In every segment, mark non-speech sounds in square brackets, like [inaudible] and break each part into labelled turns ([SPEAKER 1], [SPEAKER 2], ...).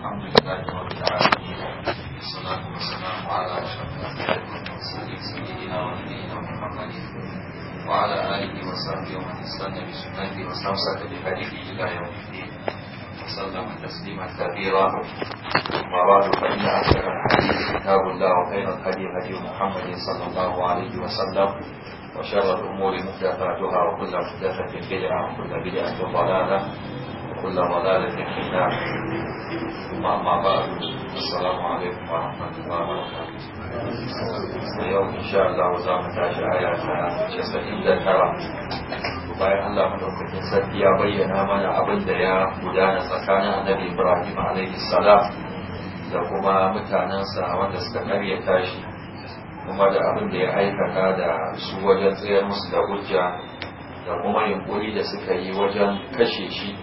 [SPEAKER 1] الحمد لله رب العالمين والصلاة والسلام على أشرف الأنبياء والمرسلين سيدنا ونبينا محمد
[SPEAKER 2] وعلى آله وصحبه ومن استنى بسنته واستمسك بهديه إلى يوم الدين وسلم تسليما كبيرا أما بعد فإن أصدق الحديث كتاب الله وخير الهدي هدي محمد صلى الله عليه وسلم وشر الأمور محدثاتها وكل محدثة بدعة وكل بدعة ضلالة وكل ضلالة في النار أما بعد السلام عليكم ورحمة الله وبركاته اليوم إن شاء الله وزام تاشي آيات جسدين bayan Allah madaukakin sarki ya bayyana mana abin da ya gudana tsakanin annabi Ibrahim alaihi salam da kuma mutanensa wanda suka karya tashi kuma da abin da ya aikata da su wajen tsayar musu da hujja da kuma yunkuri da suka yi wajen kashe shi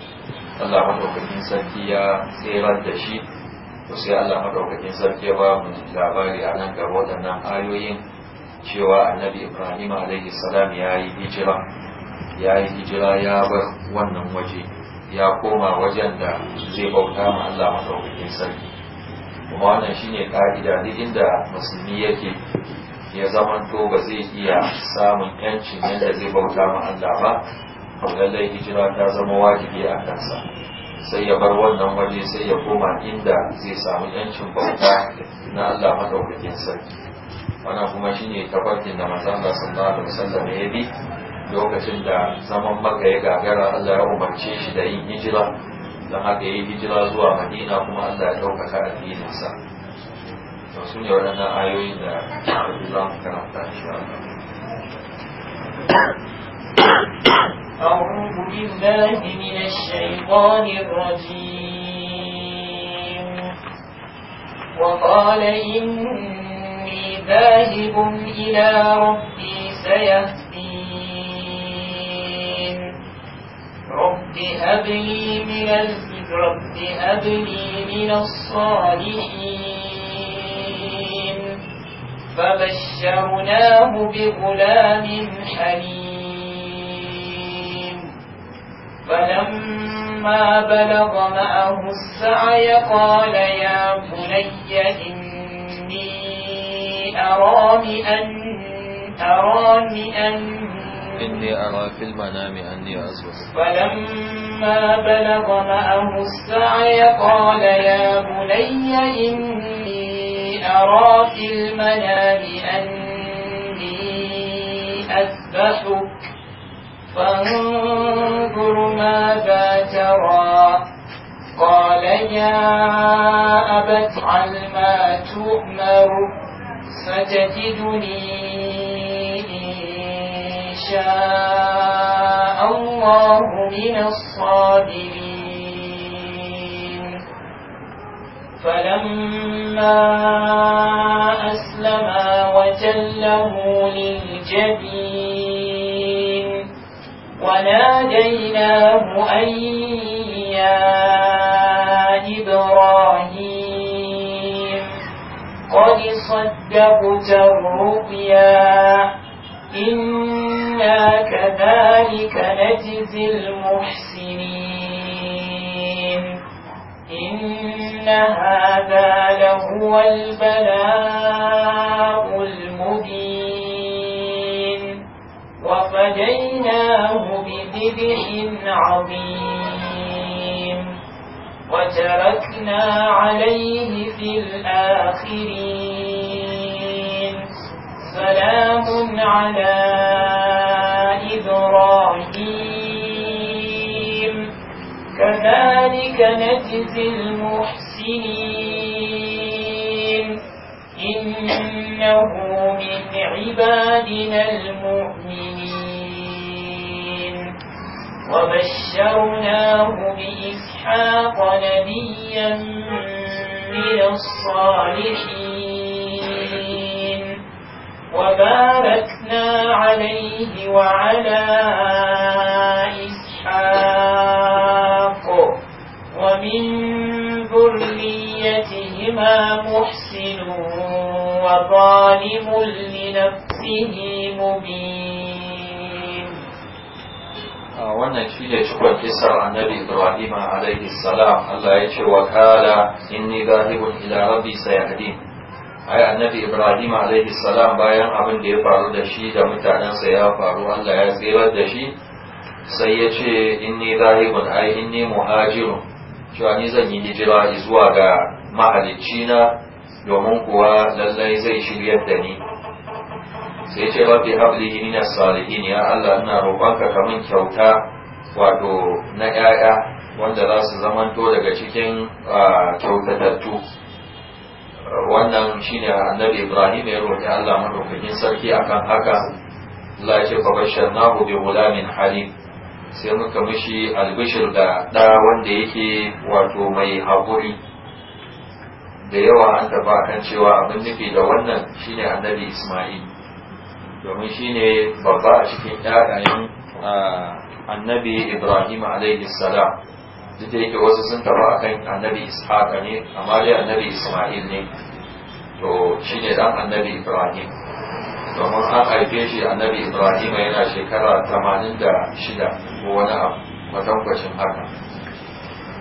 [SPEAKER 2] Allah madaukakin sarki ya tserar da shi to sai Allah madaukakin sarki ya ba mu labari a nan gaba waɗannan ayoyin cewa annabi Ibrahim alaihi salam ya yi hijira ya yi hijira ya bar wannan waje ya koma wajen da zai bauta ma Allah madaukakin sarki kuma wannan shine ka'ida duk inda musulmi yake ya zamanto ba zai iya samun yancin yadda zai bauta ma Allah ba to lallai hijira ta zama wajibi a kansa sai ya bar wannan waje sai ya koma inda zai samu yancin bauta na Allah madaukakin sarki wannan kuma shine tabarkin da manzon Allah sallallahu alaihi wasallam ya bi lokacin da zaman Makka ya gagara Allah ya umarce shi da yin hijira da haka yi hijira zuwa Madina kuma Allah ya ɗaukaka addininsa to sun ne waɗannan ayoyin da za mu karanta insha Allah
[SPEAKER 1] بالله من الشيطان الرجيم وقال إني ذاهب إلى ربي سيهدين رب هب لي من رب هب لي من الصالحين فبشرناه بغلام حليم فلما بلغ معه السعي قال يا بني إني أراني بأن أراني أن
[SPEAKER 2] إني أرى في المنام
[SPEAKER 1] أني أزوج فلما بلغ معه السعي قال يا بني إني أرى في المنام أني أذبحك فانظر ماذا ترى قال يا أبت عن ما تؤمر ستجدني إن شاء الله من الصابرين فلما أسلما وتله للجبين وناديناه أن يا إبراهيم قد صدقت الرؤيا إنا كذلك نجزي المحسنين إن هذا لهو البلاء فدلاه بذبح عظيم وتركنا عليه في الآخرين سلام على إبراهيم كذلك نجزي المحسنين إنه من عبادنا المحسنين وبشرناه بإسحاق نبيا من الصالحين وباركنا عليه وعلى إسحاق ومن ذريتهما محسن وظالم لنفسه مبين
[SPEAKER 2] wannan shi ne cikon kisar annabi ibrahim alaihi salam allah ya ce wa kala inni zahibun ila rabbi sayahdin ai annabi ibrahim alaihi salam bayan abin da ya faru da shi da mutanensa ya faru allah ya tsirar da shi sai ya ce inni zahibun ai inni muhajirun cewa ni zan yi hijira zuwa ga mahalicci na domin kuwa lallai zai shiryar da ni ya ce rabbi habli min as-salihin ya Allah ina roƙonka ka min kyauta wato na 'ya'ya wanda za su zamanto daga cikin kyautatattu wannan shine annabi Ibrahim ya roƙi Allah madaukakin sarki akan haka Allah ya ce fa basharnahu bi gulamin halim sai muka mishi albishir da ɗa wanda yake wato mai haƙuri da yawa an taɓa kan cewa abin nufi da wannan shine annabi Ismail domin shi ne babba a cikin ƴaƴayen annabi ibrahim alaihi salam duk da yake wasu sun tafi akan annabi ishaq ne amma dai annabi isma'il ne to shi ne dan annabi ibrahim domin an haife shi annabi ibrahim yana shekara 86 ko wani abu matankwacin haka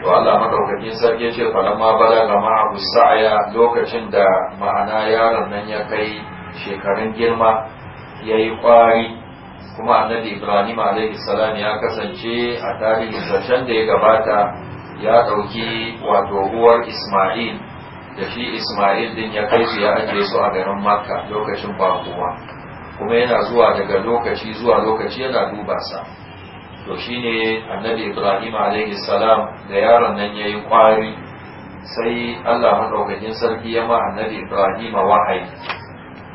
[SPEAKER 2] to Allah madaukakin sarki ce falamma ma abu sa'aya lokacin da ma'ana yaron nan ya kai shekarun girma Yayi yi kwari kuma annabi ibrahim salam ya kasance a tarihin zancen da ya gabata ya ɗauki wato ruwar ismail da shi ismail din ya kai su ya ajiye su a garin makka lokacin bakuwa kuma yana zuwa daga lokaci zuwa lokaci yana duba sa to shine annabi ibrahim salam da yaron nan ya yi kwari sai allah maɗaukakin sarki ya ma annabi ibrahim wahayi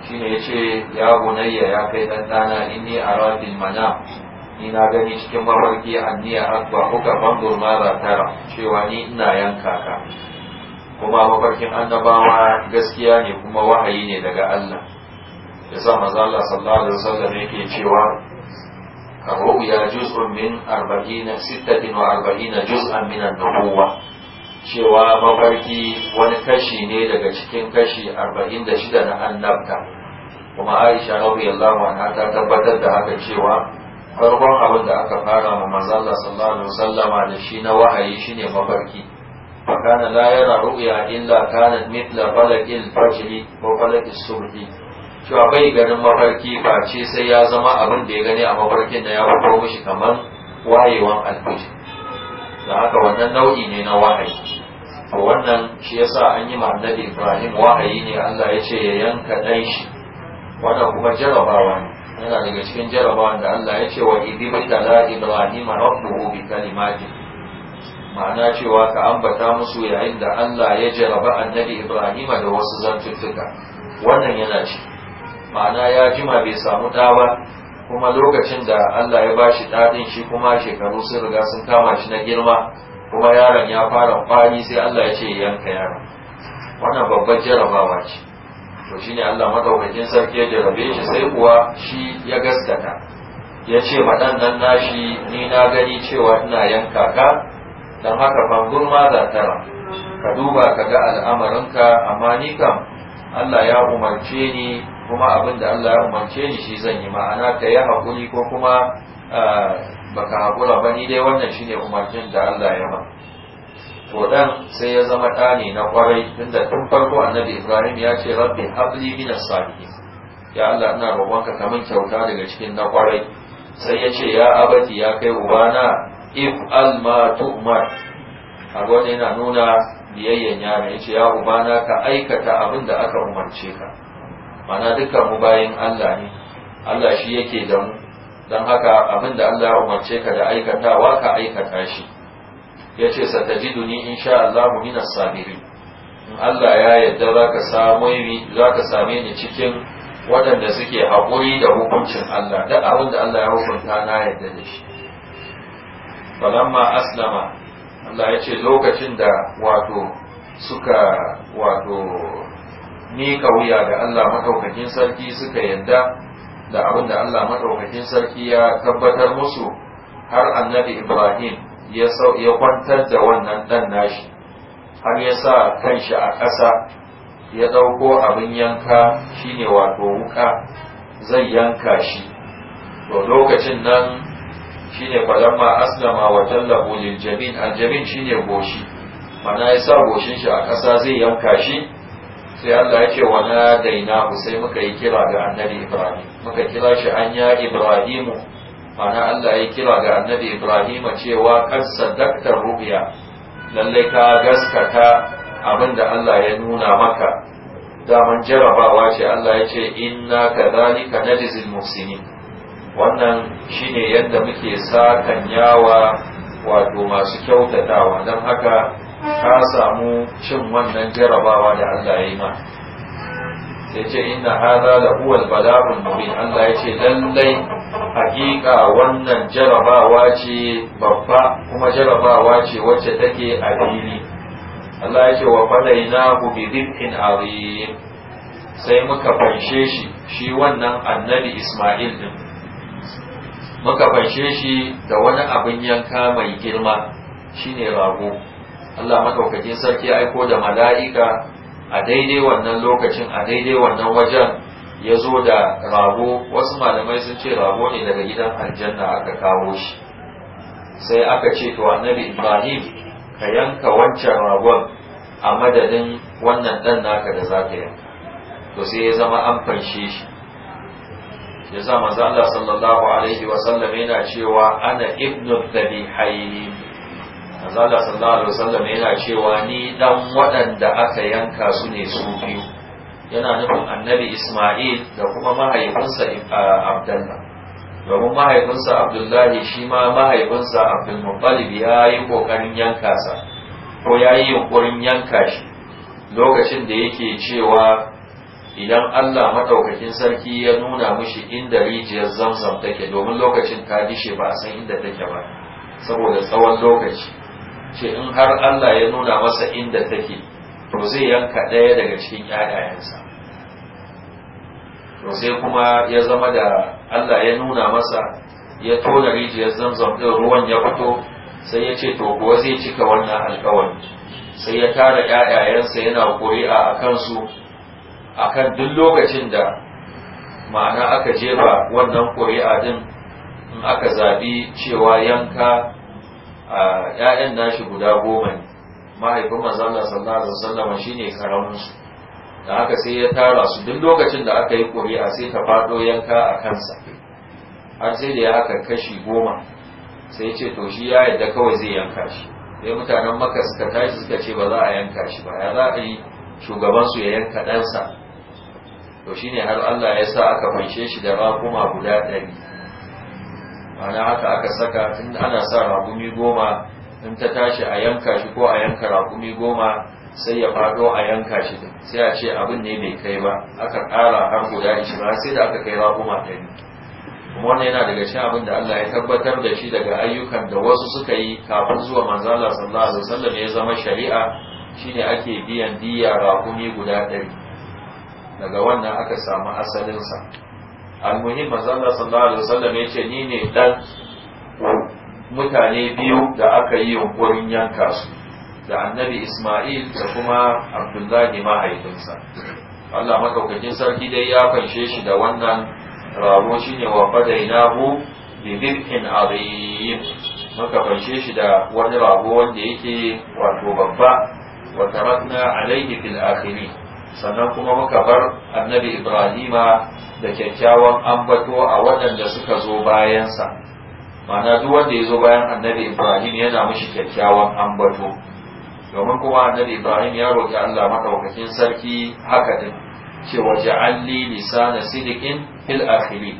[SPEAKER 2] shine yace ya bunayya ya kai dan dana inni ara mana manam ni gani cikin mafarki anniya akwa kuka bangur ma za tara cewa ni ina yanka ka kuma mafarkin annabawa gaskiya ne kuma wahayi ne daga Allah Ya sa maza Allah sallallahu alaihi wasallam yake cewa الرؤيا juz'un min 40 46 juz'an min an-nubuwah cewa mafarki wani kashi ne daga cikin kashi 46 na annabta kuma aisha radiyallahu anha ta tabbatar da haka cewa farkon abin da aka fara ma manzo Allah sallallahu alaihi da shi na wahayi shine mafarki kana la yara ru'ya illa kana mithla falaqil fajri ko falaqis subhi cewa bai ganin mafarki face sai ya zama abin da ya gani a mafarkin da ya fito mishi kamar wayewan alfajr da haka wannan nau'i ne na wahayi a wannan shi ya sa an yi annabi ibrahim wahayi ne allah ya ce ya yanka ɗan shi wannan kuma jarabawa ne yana daga cikin jarrabawar da allah ya ce wa idi mutala ibrahim rabbuhu bi kalimati ma'ana cewa ka ambata musu yayin da allah ya jaraba annabi ibrahim da wasu zantuttuka wannan yana ce. ma'ana ya jima bai samu ɗa ba kuma lokacin da Allah ya bashi daɗin shi kuma shekaru sun riga sun kama shi na girma kuma yaron ya fara kwari sai Allah ya ce yanka yaron wannan babban jarabawa ce to shine Allah madaukakin sarki ya jarabe shi sai kuwa shi ya gaskata ya ce maɗan nan nashi ni na gani cewa ina yanka ka don haka ban gurma za tara ka duba ka ga al'amarinka amma ni kam Allah ya umarce ni kuma abin da Allah ya umarce ni shi zan yi ma'ana ka yi hakuri ko kuma eh, baka haƙura ba ni dai wannan shine umarcin da Allah ya ma to dan sai ya zama ɗa na ƙwarai tunda tun farko annabi Ibrahim ya ce rabbi habli min as-salihin ya Allah ina roƙonka ka min kyauta daga cikin na ƙwarai sai ya ce ya abati ya kai ubana if al ma tu'mar abu yana nuna biyayyen yaro ya ce ya ubana ka aikata abin da aka umarce ka mana dukkan mu bayin Allah ne Allah shi yake da mu don haka abin da Allah ya umarce ka da aikatawa ka aikata shi ya ce satajiduni insha Allah minas sabiri in Allah ya yadda zaka samu same ni cikin waɗanda suke haƙuri da hukuncin Allah Da abin da Allah ya hukunta na yadda da shi falamma aslama Allah ya ce lokacin da wato suka wato Ni wuya da Allah madaukakin sarki suka yadda da abin da Allah madaukakin sarki ya tabbatar musu har annabi Ibrahim ya kwantar da wannan dan nashi har ya sa kanshi a ƙasa ya ɗauko abin yanka shine wato wuka zai yanka shi to lokacin nan shine kwalamma aslama wa tallahu lil jamin al jamin shine goshi mana ya sa goshin shi a ƙasa zai yanka shi sai Allah ya ce wani daina sai muka yi kira ga annabi Ibrahim muka kira shi an ya Ibrahimu mana Allah ya kira ga annabi Ibrahim cewa kan sadaktar rubiya lallai ka gaskata abin da Allah ya nuna maka daman jarabawa ce Allah ya ce inna kadhalika najzil musini wannan shine yadda muke kan yawa wato masu kyautatawa don haka ka samu cin wannan jarabawa da Allah ya yi ma Sai ce inna hada da huwal bala'un mubin Allah ya ce lallai hakika wannan jarabawa ce babba kuma jarabawa ce wacce take a fili Allah ya ce wa ku bi dhibhin azim sai muka fanshe shi shi wannan annabi Isma'il din muka fanshe shi da wani abin yanka mai girma shine rago Allah madaukakin sarki ya aiko da mala'ika a daidai wannan lokacin a daidai wannan wajen ya zo da rago wasu malamai sun ce rago ne daga gidan aljanna aka kawo shi sai aka ce to annabi ibrahim ka yanka wancan ragon a madadin wannan dan naka da za ka yanka to sai ya zama an fanshe shi ya sa zalla sallallahu alaihi wa sallam yana cewa ana ibnu dhabihaini manzala sallallahu alaihi wasallam yana cewa ni dan waɗanda aka yanka su ne su biyu yana nufin annabi isma'il da kuma mahaifinsa ah, abdullah domin mahaifinsa abdullahi shi ma mahaifinsa abdulmuttalib ya yi ƙoƙarin yanka sa ko ya yi yunƙurin yanka shi lokacin da yake cewa idan allah maɗaukakin sarki ya nuna mushi inda rijiyar zamzam take domin lokacin ta dishe ba a san inda take ba saboda tsawon lokaci ce in har Allah ya nuna masa inda take to zai yanka ɗaya daga cikin ƴaƴayensa to sai kuma ya zama da Allah ya nuna masa ya tona rijiyar zamzam ɗin ruwan ya fito sai ya ce to kuwa zai cika wannan alkawari sai ya tara ƴaƴayensa yana ƙuri'a a kansu a kan duk lokacin da ma'ana aka jefa wannan ƙuri'a din in aka zaɓi cewa yanka 'ya'yan nashi guda goma ne mahaifin Allah sallallahu alaihi wasallam shine karamin su da haka sai ya tara su duk lokacin da aka yi ƙuri'a sai ta faɗo yanka a kansa har sai da ya aka kashi goma sai ya ce to shi ya yadda kawai zai yanka shi sai mutanen maka suka tashi suka ce ba za a yanka shi ba ya za a yi su ya yanka ɗansa to shine har Allah ya sa aka fanshe shi da raƙuma guda ɗari ma'ana haka aka saka tun ana sa ragumi goma in ta tashi a yanka shi ko a yanka ragumi goma sai ya faɗo a yanka shi sai a ce abin ne bai kai ba aka ƙara har guda ba sai da aka kai raguma ɗari kuma wannan yana daga cikin abin da Allah ya tabbatar da shi daga ayyukan da wasu suka yi kafin zuwa manzala sallallahu alaihi wasallam ya zama shari'a shine ake biyan diya ragumi guda ɗari daga wannan aka samu asalinsa almuhim manzon sallallahu alaihi wasallam yace ni ne dan mutane biyu da aka yi yunkurin yanka su da annabi Ismail da kuma Abdullahi mahaifinsa Allah madaukakin sarki dai ya fanshe shi da wannan rabo ne wa fadainahu bi dhibhin azim muka fanshe shi da wani rabo wanda yake wato babba wa tarakna alayhi fil akhirin sannan kuma muka bar annabi ibrahima da kyakkyawan ambato a waɗanda suka zo bayansa mana duk wanda ya zo bayan annabi ibrahim yana mushi kyakkyawan ambato domin kuma annabi ibrahim ya roƙi allah maɗaukakin sarki haka din cewa ja'alli lisana sidikin fil akhiri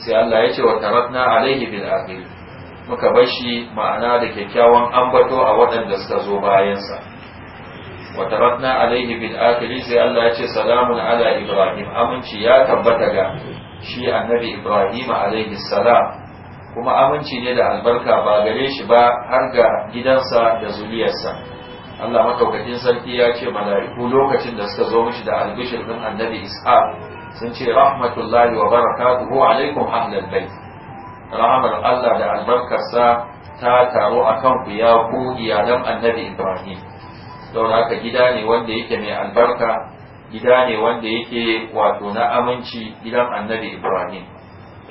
[SPEAKER 2] sai allah ya ce wa na alaihi fil akhiri muka bar shi ma'ana da kyakkyawan ambato a waɗanda suka zo bayansa Wata rana alaihi bil akhiri sai Allah ya salamun ala ibrahim aminci ya tabbata ga shi annabi ibrahim alaihi kuma aminci ne da albarka ba gare shi ba har ga gidansa da zuriyarsa Allah mataukakin sarki ya ce mala'iku lokacin da suka zo mishi da albishir din annabi Is'a sun ce rahmatullahi wa barakatuhu alaikum ahlal bait rahmar Allah da albarkarsa ta taro akan ku ya ku iyalan annabi ibrahim don haka gida ne wanda yake mai albarka gida ne wanda yake wato na aminci gidan annabi ibrahim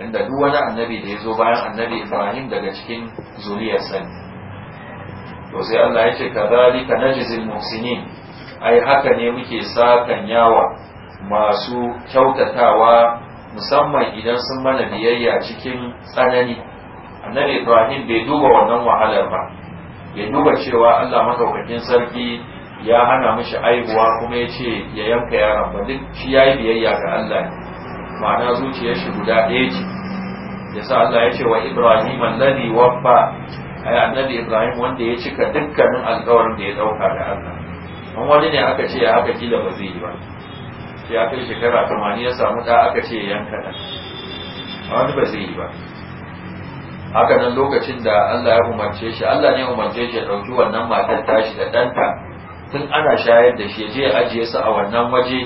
[SPEAKER 2] inda duk wani annabi da ya zo bayan annabi ibrahim daga cikin zuriyar sani to sai allah ya ce kazalika najzil muhsinin ai haka ne muke sakan yawa masu kyautatawa musamman idan sun mana biyayya cikin tsanani annabi ibrahim bai duba wannan wahalar ba bai duba cewa allah madaukakin sarki ya hana mishi aihuwa kuma ya ce ya yanka yaron ba duk shi ya yi biyayya ga Allah ne ma'ana zuciyar shi guda ɗaya ce ya sa Allah ya ce wa Ibrahim alladhi waffa ai annabi Ibrahim wanda ya cika dukkanin alƙawarin da ya ɗauka da Allah an wani ne aka ce ya aka kila ba zai yi ba ya kai shekara tamanin ya samu da aka ce ya yanka da wani ba zai yi ba haka nan lokacin da Allah ya umarce shi Allah ne umarce shi ya ɗauki wannan matar tashi da ɗanta tun ana shayar da shi je ajiye su a wannan waje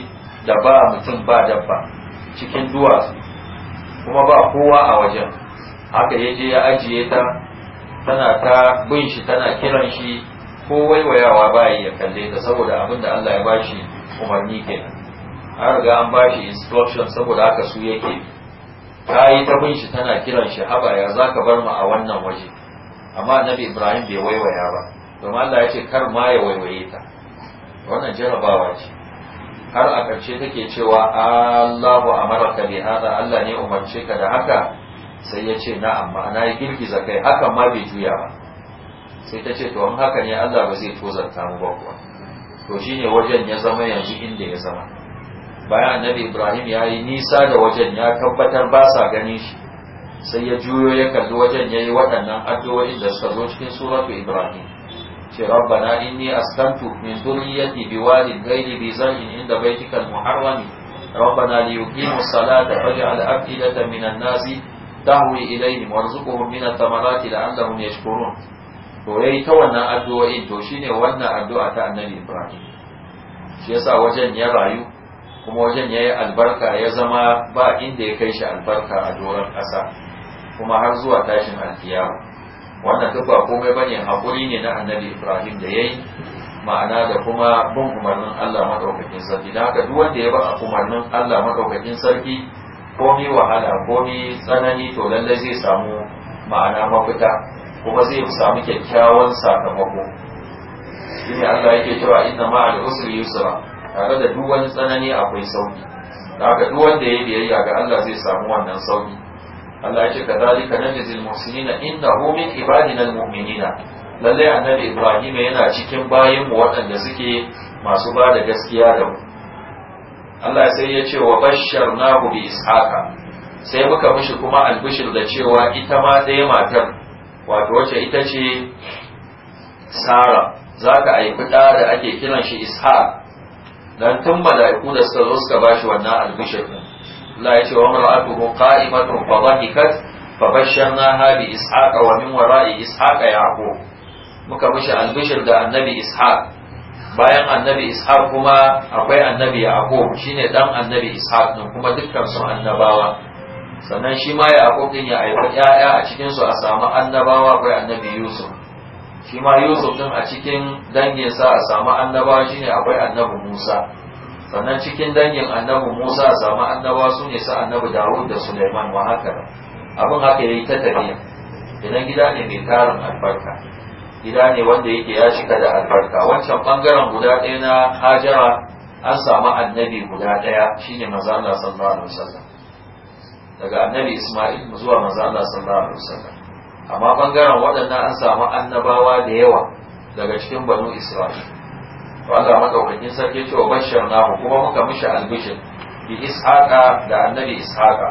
[SPEAKER 2] da ba mutum ba dabba cikin duwatsu kuma ba kowa a wajen haka ya je ya ajiye ta tana ta bin shi tana kiran shi ko waiwayawa ba ya kalle ta saboda abin da Allah ya shi umarni kenan an riga an bashi instruction saboda haka su yake ta yi ta bin shi tana kiran shi haba ya za ka bar mu a wannan waje amma annabi ibrahim bai waiwaya ba domin Allah ya ce kar ma ya waiwaye ta wannan jarabawa ce har a ƙarshe take cewa Allahu amaraka bi hada Allah ne umarce ka da haka sai ya ce na, amma na yi girgiza kai hakan ma bai juya ba sai ta ce to in haka ne Allah ba zai ta mu ba kuwa to shine wajen ya zama yanzu inda ya zama bayan annabi Ibrahim ya yi nisa da wajen ya tabbatar ba sa ganin shi sai ya juyo ya kalli wajen ya yi waɗannan addu'o'in da suka zo cikin suratu Ibrahim ce rabbana inni askantu min zurriyyati biwadin ghairi bi zar'in inda baitikal muharrami rabbana liyuqimu as-salata faj'al af'idatan ta nasi tahwi ilayhim warzuqhum min at thamarati la'allahum yashkurun to yayi ta wannan addu'o'in to shine wannan addu'a ta annabi Ibrahim shi yasa wajen ya rayu kuma wajen yayi albarka ya zama ba inda ya kai shi albarka a doron ƙasa kuma har zuwa tashin alkiyama wannan duk ba komai bane hakuri ne na annabi ibrahim da yayi ma'ana da kuma bin umarnin allah maɗaukakin sarki da haka duk wanda ya ba umarnin allah maɗaukakin sarki komi wahala komi tsanani to lallai zai samu ma'ana mafita kuma zai samu kyakkyawan sakamako shine allah yake cewa inna ma'al usri yusra tare da duk wani tsanani akwai sauki da haka duk wanda ya biyayya ga allah zai samu wannan sauki Allah ya ce ka ka nan da zilmusinina innahu min mummini na lalle annabi Ibrahim yana cikin bayan mu waɗanda suke masu ba da gaskiya da mu Allah sai ya ce wa basharnahu bi ishaqa sai muka mishi kuma albishir da cewa ita ma ɗaya matar wato wacce ita ce Sara za ka haifi ɗa da ake kiran shi ishaq dan tun mala'iku da suka zo suka bashi wannan albishir Allah ya ce wa mar'atuhu qa'imatun fa dhahikat fa bashsharnaha bi ishaqa wa min wara'i ishaqa yaqub muka mishi albishir da annabi ishaq bayan annabi ishaq kuma akwai annabi yaqub shine dan annabi ishaq din kuma dukkan su annabawa sannan shi ma yaqub din ya aiwa yaya a cikin su a samu annabawa akwai annabi yusuf shi ma yusuf din a cikin danginsa a samu annabawa shine akwai annabi musa sannan cikin dangin annabi Musa a samu annabawa su ne su annabi Dawud da Sulaiman wa haka abin haka yi ta tafiya idan gida ne mai karin albarka gida ne wanda yake ya cika da albarka wancan bangaren guda ɗaya na Hajara an samu annabi guda ɗaya shine manzo Allah sallallahu alaihi wasallam daga annabi Isma'il zuwa manzo Allah sallallahu alaihi wasallam amma bangaren waɗannan an samu annabawa da yawa daga cikin banu Isra'il to Allah madaukakin sarki ce wa bashirnahu kuma muka mishi albishir bi ishaqa da annabi ishaqa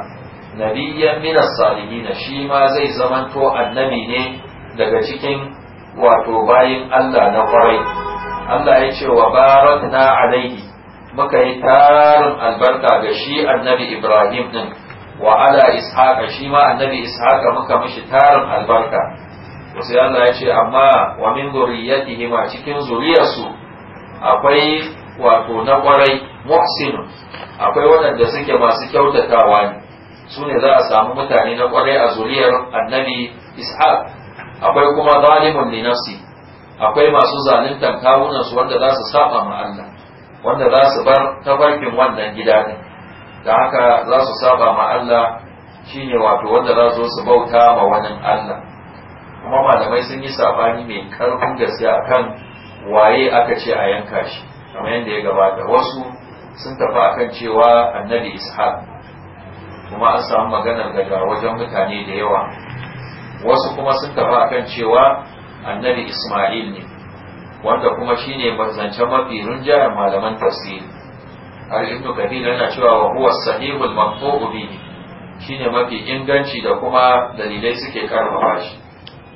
[SPEAKER 2] nabiyyan min as-salihin shi ma zai zamanto annabi ne daga cikin wato bayin Allah na kwarai Allah ya ce wa barakna alaihi muka yi tarin albarka ga shi annabi Ibrahim din wa ala ishaqa shi ma annabi ishaqa muka mishi tarin albarka to sai Allah ya ce amma wa min zuriyatihima cikin zuriyarsu akwai wato na kwarai muhsinun akwai waɗanda suke masu kyautatawa ne su ne za a samu mutane na kwarai a zuriyar annabi ishaq akwai kuma zalimun li nafsi akwai masu zaluntan kawunan su wanda za su saba ma Allah wanda za su bar tafarkin wannan gida din da haka za su saba ma Allah shine wato wanda za su su bauta ma wani Allah kuma malamai sun yi sabani mai karfin gaskiya akan waye aka ce a yanka shi kamar yadda ya gabata wasu sun tafi akan cewa annabi ishaq kuma an samu maganar daga wajen mutane da yawa wasu kuma sun tafi akan cewa annabi isma'il ne wanda kuma shine zancen mafi rinjayen malaman tafsiri har ibnu kathir yana cewa wa huwa sahihul maqtu'u bihi
[SPEAKER 1] shine mafi inganci da kuma dalilai suke karfafa
[SPEAKER 2] shi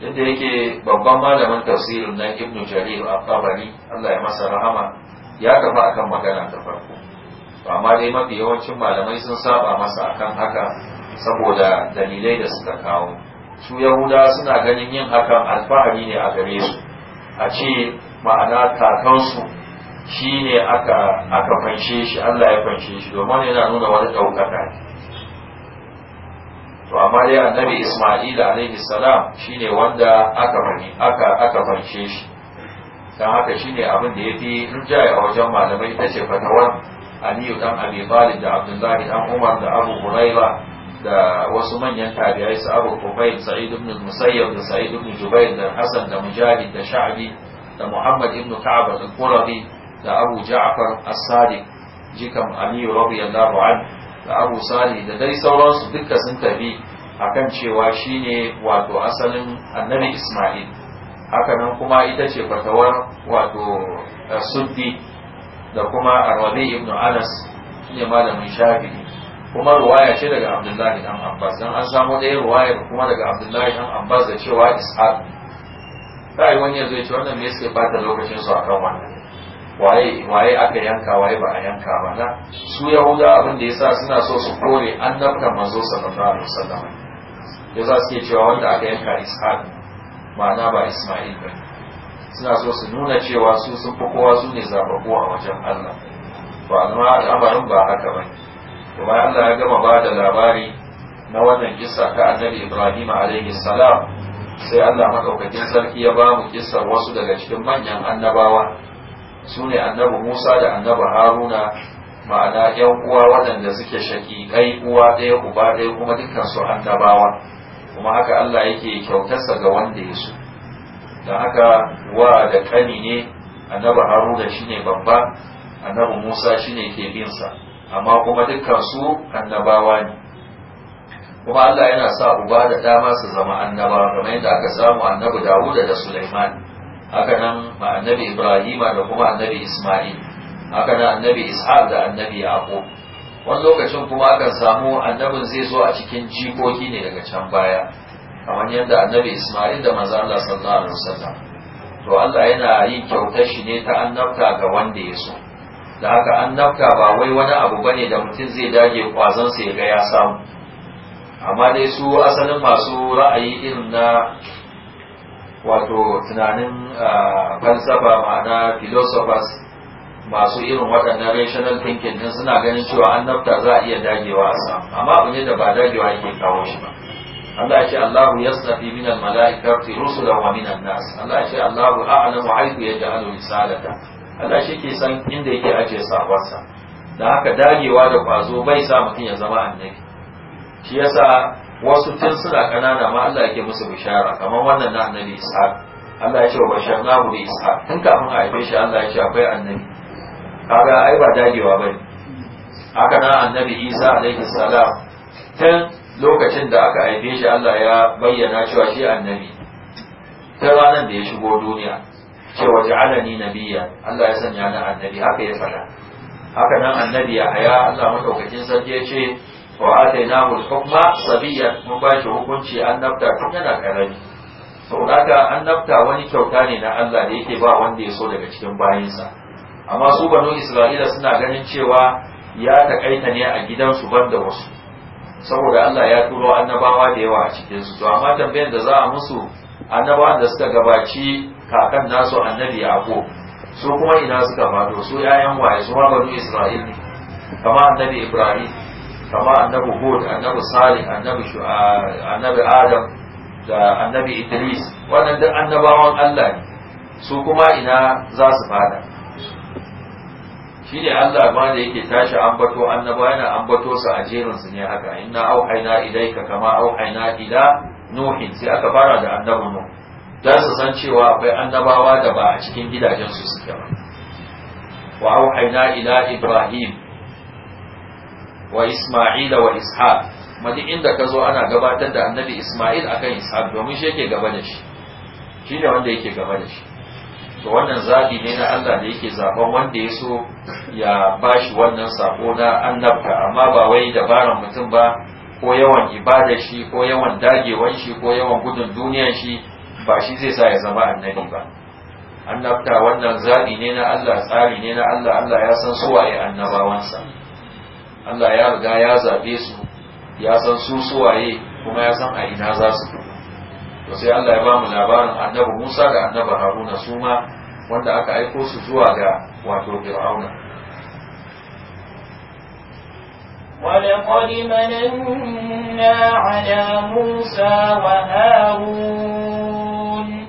[SPEAKER 2] Yadda yake babban malamin tafsirin na ibnu jarir al tabari Allah ya masa rahama ya kafa akan magana ta farko amma dai mafi yawancin malamai sun saba masa akan haka saboda dalilai da suka kawo su yahuda suna ganin yin hakan alfahari ne a gare su a ce ma'ana kakansu shi ne aka fanshe shi Allah ya fanshe shi domin yana nuna wani ɗaukaka to amma dai annabi isma'ila alaihi salam shine wanda aka bani aka aka farce shi dan haka shine abin da yafi rinjaye a wajen malamai tace fatawar Aliyu dan Abi Talib da Abdullahi dan Umar da Abu Hurairah da wasu manyan tabi'ai su Abu Qubayl Sa'id ibn Musayyab da Sa'id ibn Jubair da Hassan da Mujahid da Sha'bi da Muhammad ibn Ka'ab al-Qurabi da Abu Ja'far as-Sadiq jikan Aliyu radiyallahu anhu da abu sani da dai sauransu duka sun tafi kan cewa shi ne wato asalin annabi isma'il hakanan kuma ita ce fatawar wato eh, suddi da kuma arwabi ibn anas shine malamin shafi'i kuma ruwaya ce daga abdullahi dan abbas dan an samu ɗaya ruwayar kuma daga abdullahi dan abbas da cewa ishaq yi wani yanzu ya ce wannan me suke bata lokacin su kan wannan waye waye aka yanka waye ba a yanka ba na su yahuda abin da yasa suna so su kore annabta manzo sallallahu alaihi wasallam su suke cewa wanda aka yanka ishaq ma'ana ba isma'il ba suna so su nuna cewa su sun fi kowa su ne zababbu a wajen Allah Ba amma al'amarin ba haka ba to bayan Allah ya gama ba da labari na wannan kissa ta annabi Ibrahim alaihi salam sai Allah madaukakin sarki ya ba mu kissar wasu daga cikin manyan annabawa su ne annabi musa da annabi haruna ma'ana yan uwa waɗanda suke kai uwa ɗaya uba ɗaya kuma dukkan su annabawa kuma haka allah yake kyautarsa ga wanda ya so don haka wa da ƙani ne annabi haruna shine babba annabi musa shine ke binsa amma kuma dukkan su annabawa ne kuma allah yana sa uba da dama su zama annaba, kamar yadda aka samu annabi dawuda da sulaiman haka nan annabi Ibrahim da kuma annabi isma'il haka nan annabi ishaq da annabi yaqub wani lokacin kuma akan samu annabin zai zo a cikin jikoki ne daga can baya kamar yadda annabi isma'il da manzo Allah sallallahu alaihi wasallam to Allah yana yi kyautar shi ne ta annabta ga wanda ya so da haka annabta ba wai wani abu bane da mutum zai dage kwazon sa ya ga ya samu amma dai su asalin masu ra'ayi irin na wato tunanin falsafa ma'ana philosophers masu irin waɗannan rational thinking din suna ganin cewa annabta za a iya dagewa a samu amma abu ne da ba dagewa yake kawo shi ba Allah ya ce Allahu yastafi min al-mala'ikati rusulan wa min nas Allah ya ce Allahu a'lamu haythu yaj'alu risalata Allah shi ke san inda yake ajiye sabarsa da haka dagewa da kwazo bai sa mutum ya zama annabi shi yasa wasu tun suna kanana ma Allah yake musu bishara kamar wannan na annabi Ishaq Allah ya ce wa basharnahu bi Ishaq tun kafin a haife shi Allah ya ce akwai annabi kaga ai ba dagewa bane haka na annabi Isa alaihi salam tun lokacin da aka haife shi Allah ya bayyana cewa shi annabi ta ranar da ya shigo duniya cewa ja'alani nabiyya Allah ya sanya ni annabi haka ya faɗa haka nan annabi ya haya Allah madaukakin sarki ya ce wa atainahu al-hukma sabiyyan mun ba shi hukunci annabta tun yana karami an annabta wani kyauta ne na Allah da yake ba wanda ya so daga cikin bayansa. amma su banu Isra'ila suna ganin cewa ya takaita ne a gidansu ban da wasu saboda Allah ya turo annabawa da yawa a cikin to amma tambayar da za a musu annabawan da suka gabaci kakan nasu annabi Yaqub su kuma ina suka fado su 'ya'yan waye su ma banu Isra'il ne kama annabi Ibrahim kama annabi hud annabi salih annabi annabi adam da annabi idris wannan duk annabawan allah ne su kuma ina za su fada shi allah ma da yake tashi ambato annaba yana ambato su a jerinsu ne haka inna auhaina ilaika kama auhaina ila nuhin sai aka fara da annabi nuh dan su san cewa akwai annabawa da ba a cikin gidajensu suke ba wa auhaina ila ibrahim wa Isma'ila wa Ishaq madin da inda ka zo ana gabatar da annabi Isma'il akan Ishaq domin shi yake gaba da shi shi ne wanda yake gaba da shi to wannan zabi ne na Allah da yake zaben wanda ya so ya bashi wannan sako na annabta amma ba wai dabaran mutum ba ko yawan ibada shi ko yawan dagewan shi ko yawan gudun duniyar shi ba shi zai sa ya zama annabi ba annabta wannan zabi ne na Allah tsari ne na Allah Allah ya san suwaye annabawansa Allah ya riga ya zabe su ya san su suwaye kuma ya san a ina za su to sai Allah ya ba mu labarin annabi Musa da annabi Haruna su ma wanda aka aiko su zuwa ga wato Fir'auna
[SPEAKER 1] ولقد مننا على موسى وهارون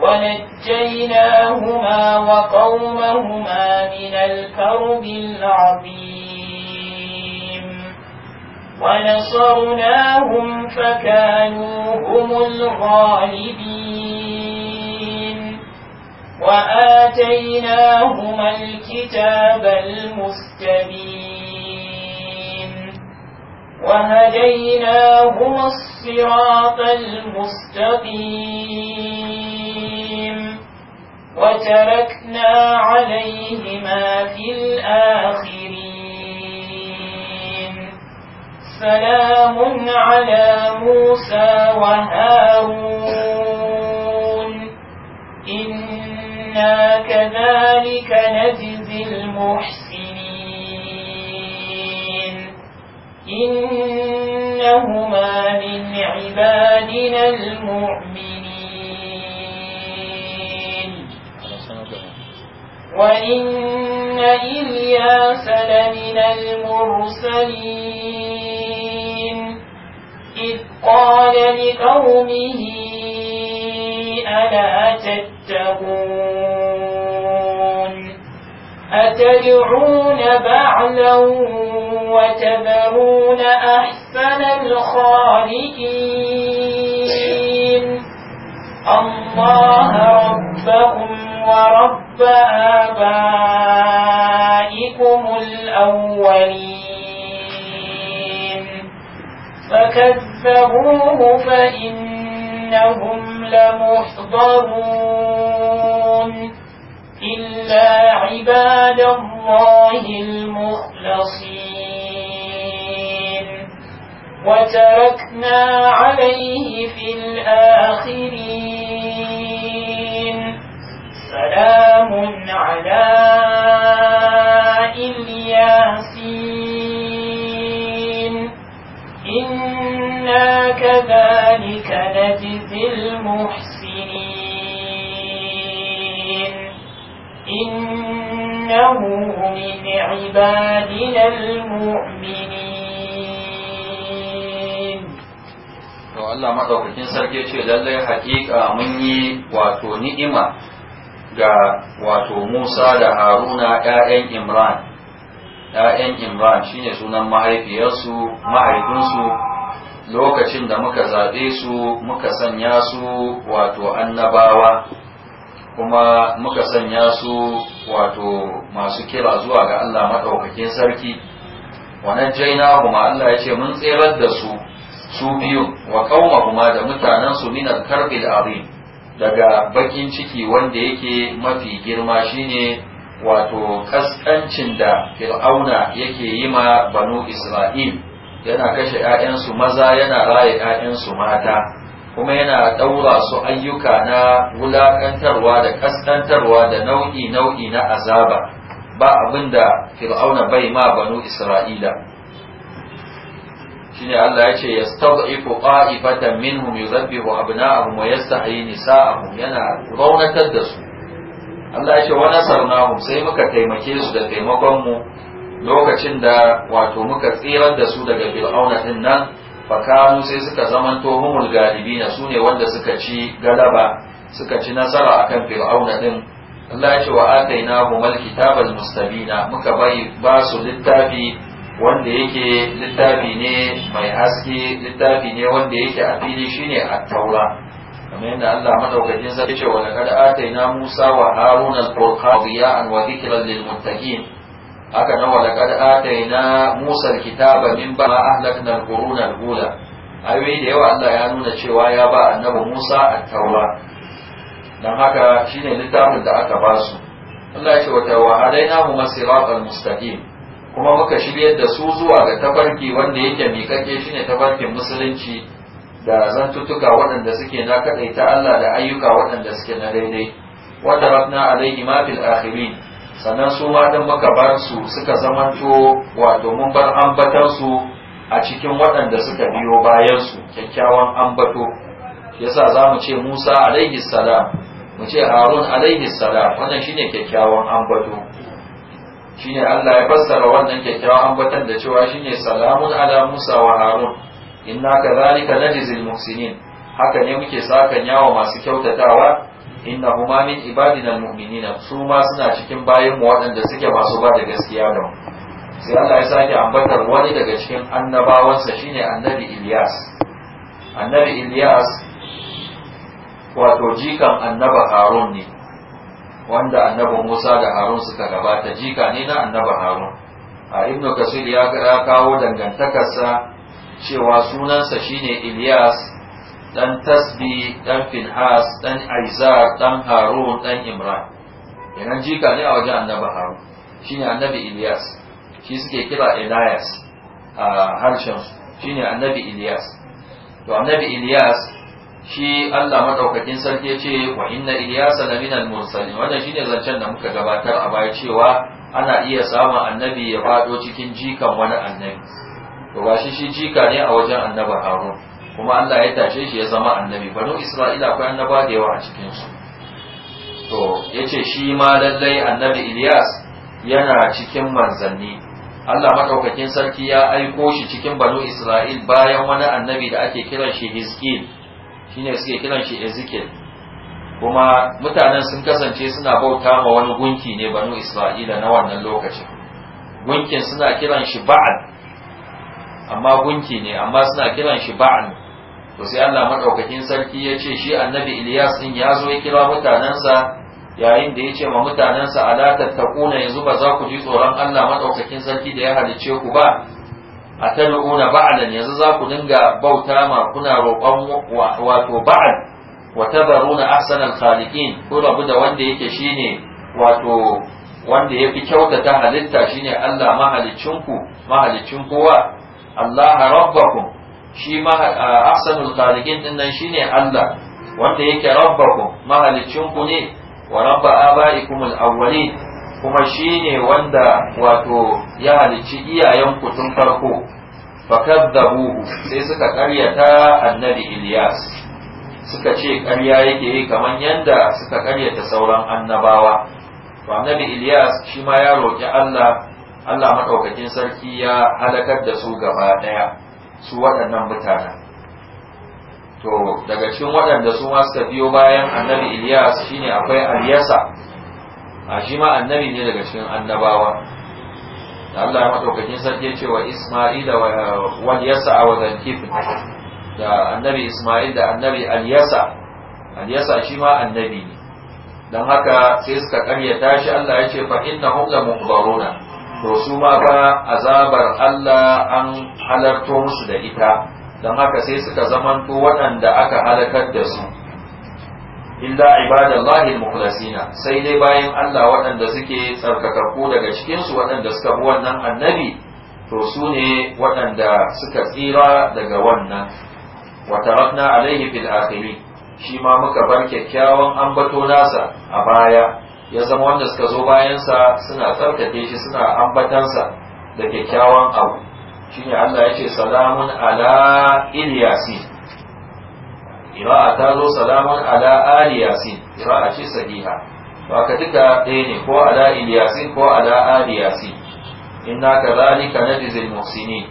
[SPEAKER 1] ونجيناهما وقومهما من الكرب العظيم ونصرناهم فكانوا هم الغالبين وآتيناهما الكتاب المستبين وهديناهما الصراط المستقيم وتركنا عليهما في الآخرين سلام على موسى وهارون إنا كذلك نجزي المحسنين إنهما من عبادنا المؤمنين وإن إلياس لمن المرسلين
[SPEAKER 2] قال لقومه
[SPEAKER 1] ألا تتقون أتدعون بعلا وتذرون أحسن الخالقين الله ربكم ورب آبائكم الأولين فكذبوه فإنهم لمحضرون إلا عباد الله المخلصين وتركنا عليه في الآخرين سلام على إلياسين وكذلك نجزي المحسنين إنه من عبادنا المؤمنين
[SPEAKER 2] Allah madaukakin sarki ce lallai hakika mun yi wato ni'ima ga wato Musa da Haruna ƴaƴan Imran ƴaƴan Imran shine sunan mahaifiyarsu mahaifinsu lokacin da muka zaɓe su muka sanya su wato annabawa kuma muka sanya su wato masu kira zuwa ga Allah maɗaukakin sarki wannan jaina kuma Allah ya ce mun tserar da su su biyu wa kauma kuma da mutanensu minar karbil azim daga bakin ciki wanda yake mafi girma shine wato kaskancin da fir'auna yake yi ma banu isra'il yana kashe 'ya'yansu maza yana raye 'ya'yansu mata kuma yana ɗaura su ayyuka na wulaƙantarwa da ƙasƙantarwa da nau'i nau'i na azaba ba abin da fir'auna bai ma banu isra'ila shine Allah ya ce yastad'ifu qa'ifatan minhum yuzabbihu abna'ahum wa a nisa'ahum yana raunatar da su Allah ya ce wa nasarnahum sai muka taimake su da taimakon mu lokacin da wato muka tsirar da su daga fir'auna din nan fakanu sai suka zamanto humul galibina su ne wanda suka ci galaba suka ci nasara akan fir'auna din Allah ya ce wa ataina humal kitabal mustabina muka bai ba su littafi wanda yake littafi ne mai haske littafi ne wanda yake a fili shine at-taura kamar yadda Allah madaukakin sa ya ce wa laqad ataina Musa wa Haruna al-furqan wa dhikran lil muttaqin haka nan wa laqad atayna musa alkitaba min ba ahlakna alquruna alula ayoyi da yawa Allah ya nuna cewa ya ba annabi Musa at-taura dan haka shine littafin da aka ba su Allah ya ce wa tawahadainahu masiratal mustaqim kuma muka shiryar da su zuwa ga tafarki wanda yake miƙaƙe shine tafarkin musulunci da zantuttuka waɗanda suke na kaɗaita Allah da ayyuka waɗanda suke na daidai wanda ratna alaihi ma fil akhirin sannan su ma muka bar su suka zamanto wato mun bar su a cikin waɗanda suka biyo bayansu kyakkyawan ambato yasa za mu ce musa alaihi salam mu ce harun alaihi salam wannan shine kyakkyawan ambato shine Allah ya fassara wannan kyakkyawan ambatan da cewa shine salamun ala musa wa harun inna kadhalika najzil muhsinin haka ne muke saka yawo masu kyautatawa inna huma min ibadina mu'minina su ma suna cikin bayan mu waɗanda suke masu ba da gaskiya da mu sai Allah ya sake ambatar wani daga cikin annabawansa shine annabi Ilyas annabi Ilyas wato jikan annaba Harun ne wanda annabi Musa da Harun suka gabata jika ne na annaba Harun a Ibn Kasir ya kawo dangantakarsa cewa sunansa shine Ilyas dan tasbi dan finhas dan aizar dan harun dan imran kenan jika ne a wajen annabi harun shine annabi ilyas shi suke kira elias a harshen su shine annabi ilyas to annabi ilyas shi Allah madaukakin sarki ce wa inna na laminal mursalin wannan shine zancen da muka gabatar a baya cewa ana iya samun annabi ya fado cikin jikan wani annabi to ba shi shi jika ne a wajen annabi harun kuma Allah ya tashe shi ya zama annabi banu isra'ila akwai annaba da yawa a cikin su to yace shi ma lallai annabi Ilyas yana cikin manzanni Allah makaukakin sarki ya aiko shi cikin banu Isra'il bayan wani annabi da ake kiran shi Hizkil shine suke kiran shi Ezekiel kuma mutanen sun kasance suna bauta ma wani gunki ne banu Isra'ila na wannan lokacin gunkin suna kiran shi Ba'al amma gunki ne amma suna kiran shi Ba'al to sai Allah madaukakin sarki ya ce shi annabi Ilyas din ya zo ya kira mutanensa yayin da ya ce ma mutanensa ala tattaquna yanzu ba za ku ji tsoron Allah madaukakin sarki da ya halice ku ba a tad'una ba'lan yanzu za ku dinga bauta ma kuna roƙon wato ba'd wa tabaruna ahsanal khaliqin ku rabu da wanda yake shine wato wanda ya fi kyautata halitta shine Allah mahalicinku mahalicin kowa Allah rabbakum shi ahsanul khaliqin din nan shine Allah wanda yake rabbakum ku ne wa rabba abaikumul awwalin kuma shine wanda wato ya halicci iyayenku tun farko fakadzabu sai suka karyata annabi Ilyas suka ce karya yake yi kamar yanda suka karyata sauran annabawa to annabi Ilyas shi ma ya roƙi Allah Allah madaukakin sarki ya halakar da su gaba daya su waɗannan mutanen to daga cikin waɗanda su ma suka biyo bayan annabi Ilyas shine akwai Aliyasa a shi ma annabi ne daga cikin annabawa da Allah ya madaukakin sarki ya ce wa Isma'ila wa Aliyasa wa Zalkif da annabi Isma'il da annabi Aliyasa Aliyasa shi ma annabi ne dan haka sai suka karyata shi Allah ya ce fa innahum la mukhbaruna to su ma ba azabar Allah an halarto musu da ita don haka sai suka zamanto waɗanda aka halakar da su illa ibadallahi al sai dai bayan Allah waɗanda suke tsarkakakku daga cikinsu waɗanda suka bi wannan annabi to su ne waɗanda suka tsira daga wannan Wata tarakna alaihi fil akhirin shi ma muka bar kyakkyawan ambato nasa a baya ya zama wanda suka zo bayansa suna tsarkake shi suna ambatansa da kyakkyawan abu ne Allah ya ce salamun ala ilyasi ira'a ta zo salamun ala aliyasi ira'a ce sahiha ba ka duka ɗaya ne ko ala iliyasi ko ala aliyasi inna zai najzil muhsinin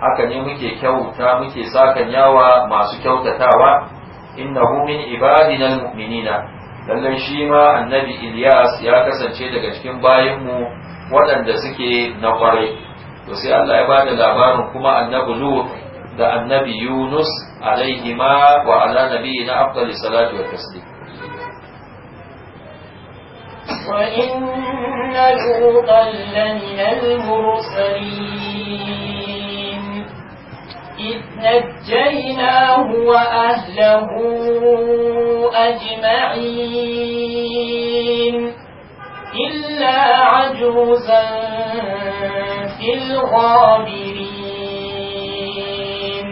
[SPEAKER 2] haka ne muke kyauta muke sakan yawa masu kyautatawa innahu min ibadina muminina. Lallan shi ma annabi Ilyas ya kasance daga cikin mu waɗanda suke na ƙwarai to sai Allah ya bada labarin kuma annabi Lut da annabi Yunus ma wa ala nabiyina afdalis salatu wa taslim
[SPEAKER 1] وإن لوطا لمن المرسلين إذ نجيناه وأهله أجمعين إلا عجوزا في الغابرين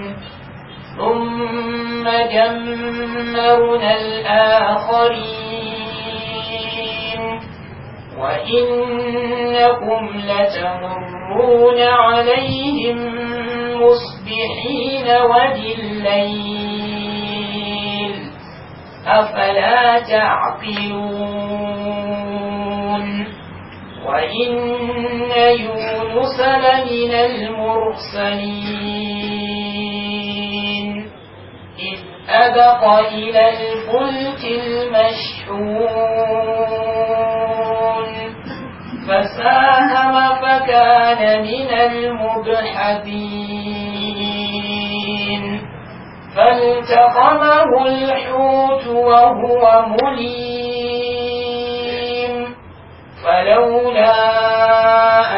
[SPEAKER 1] ثم دمرنا الآخرين وإنكم لتمرون عليهم حين وبالليل أفلا تعقلون وإن يونس لمن المرسلين إذ أبق إلى الفلك المشحون فساهم فكان من المبحثين
[SPEAKER 2] فالتقمه
[SPEAKER 1] الحوت وهو مليم فلولا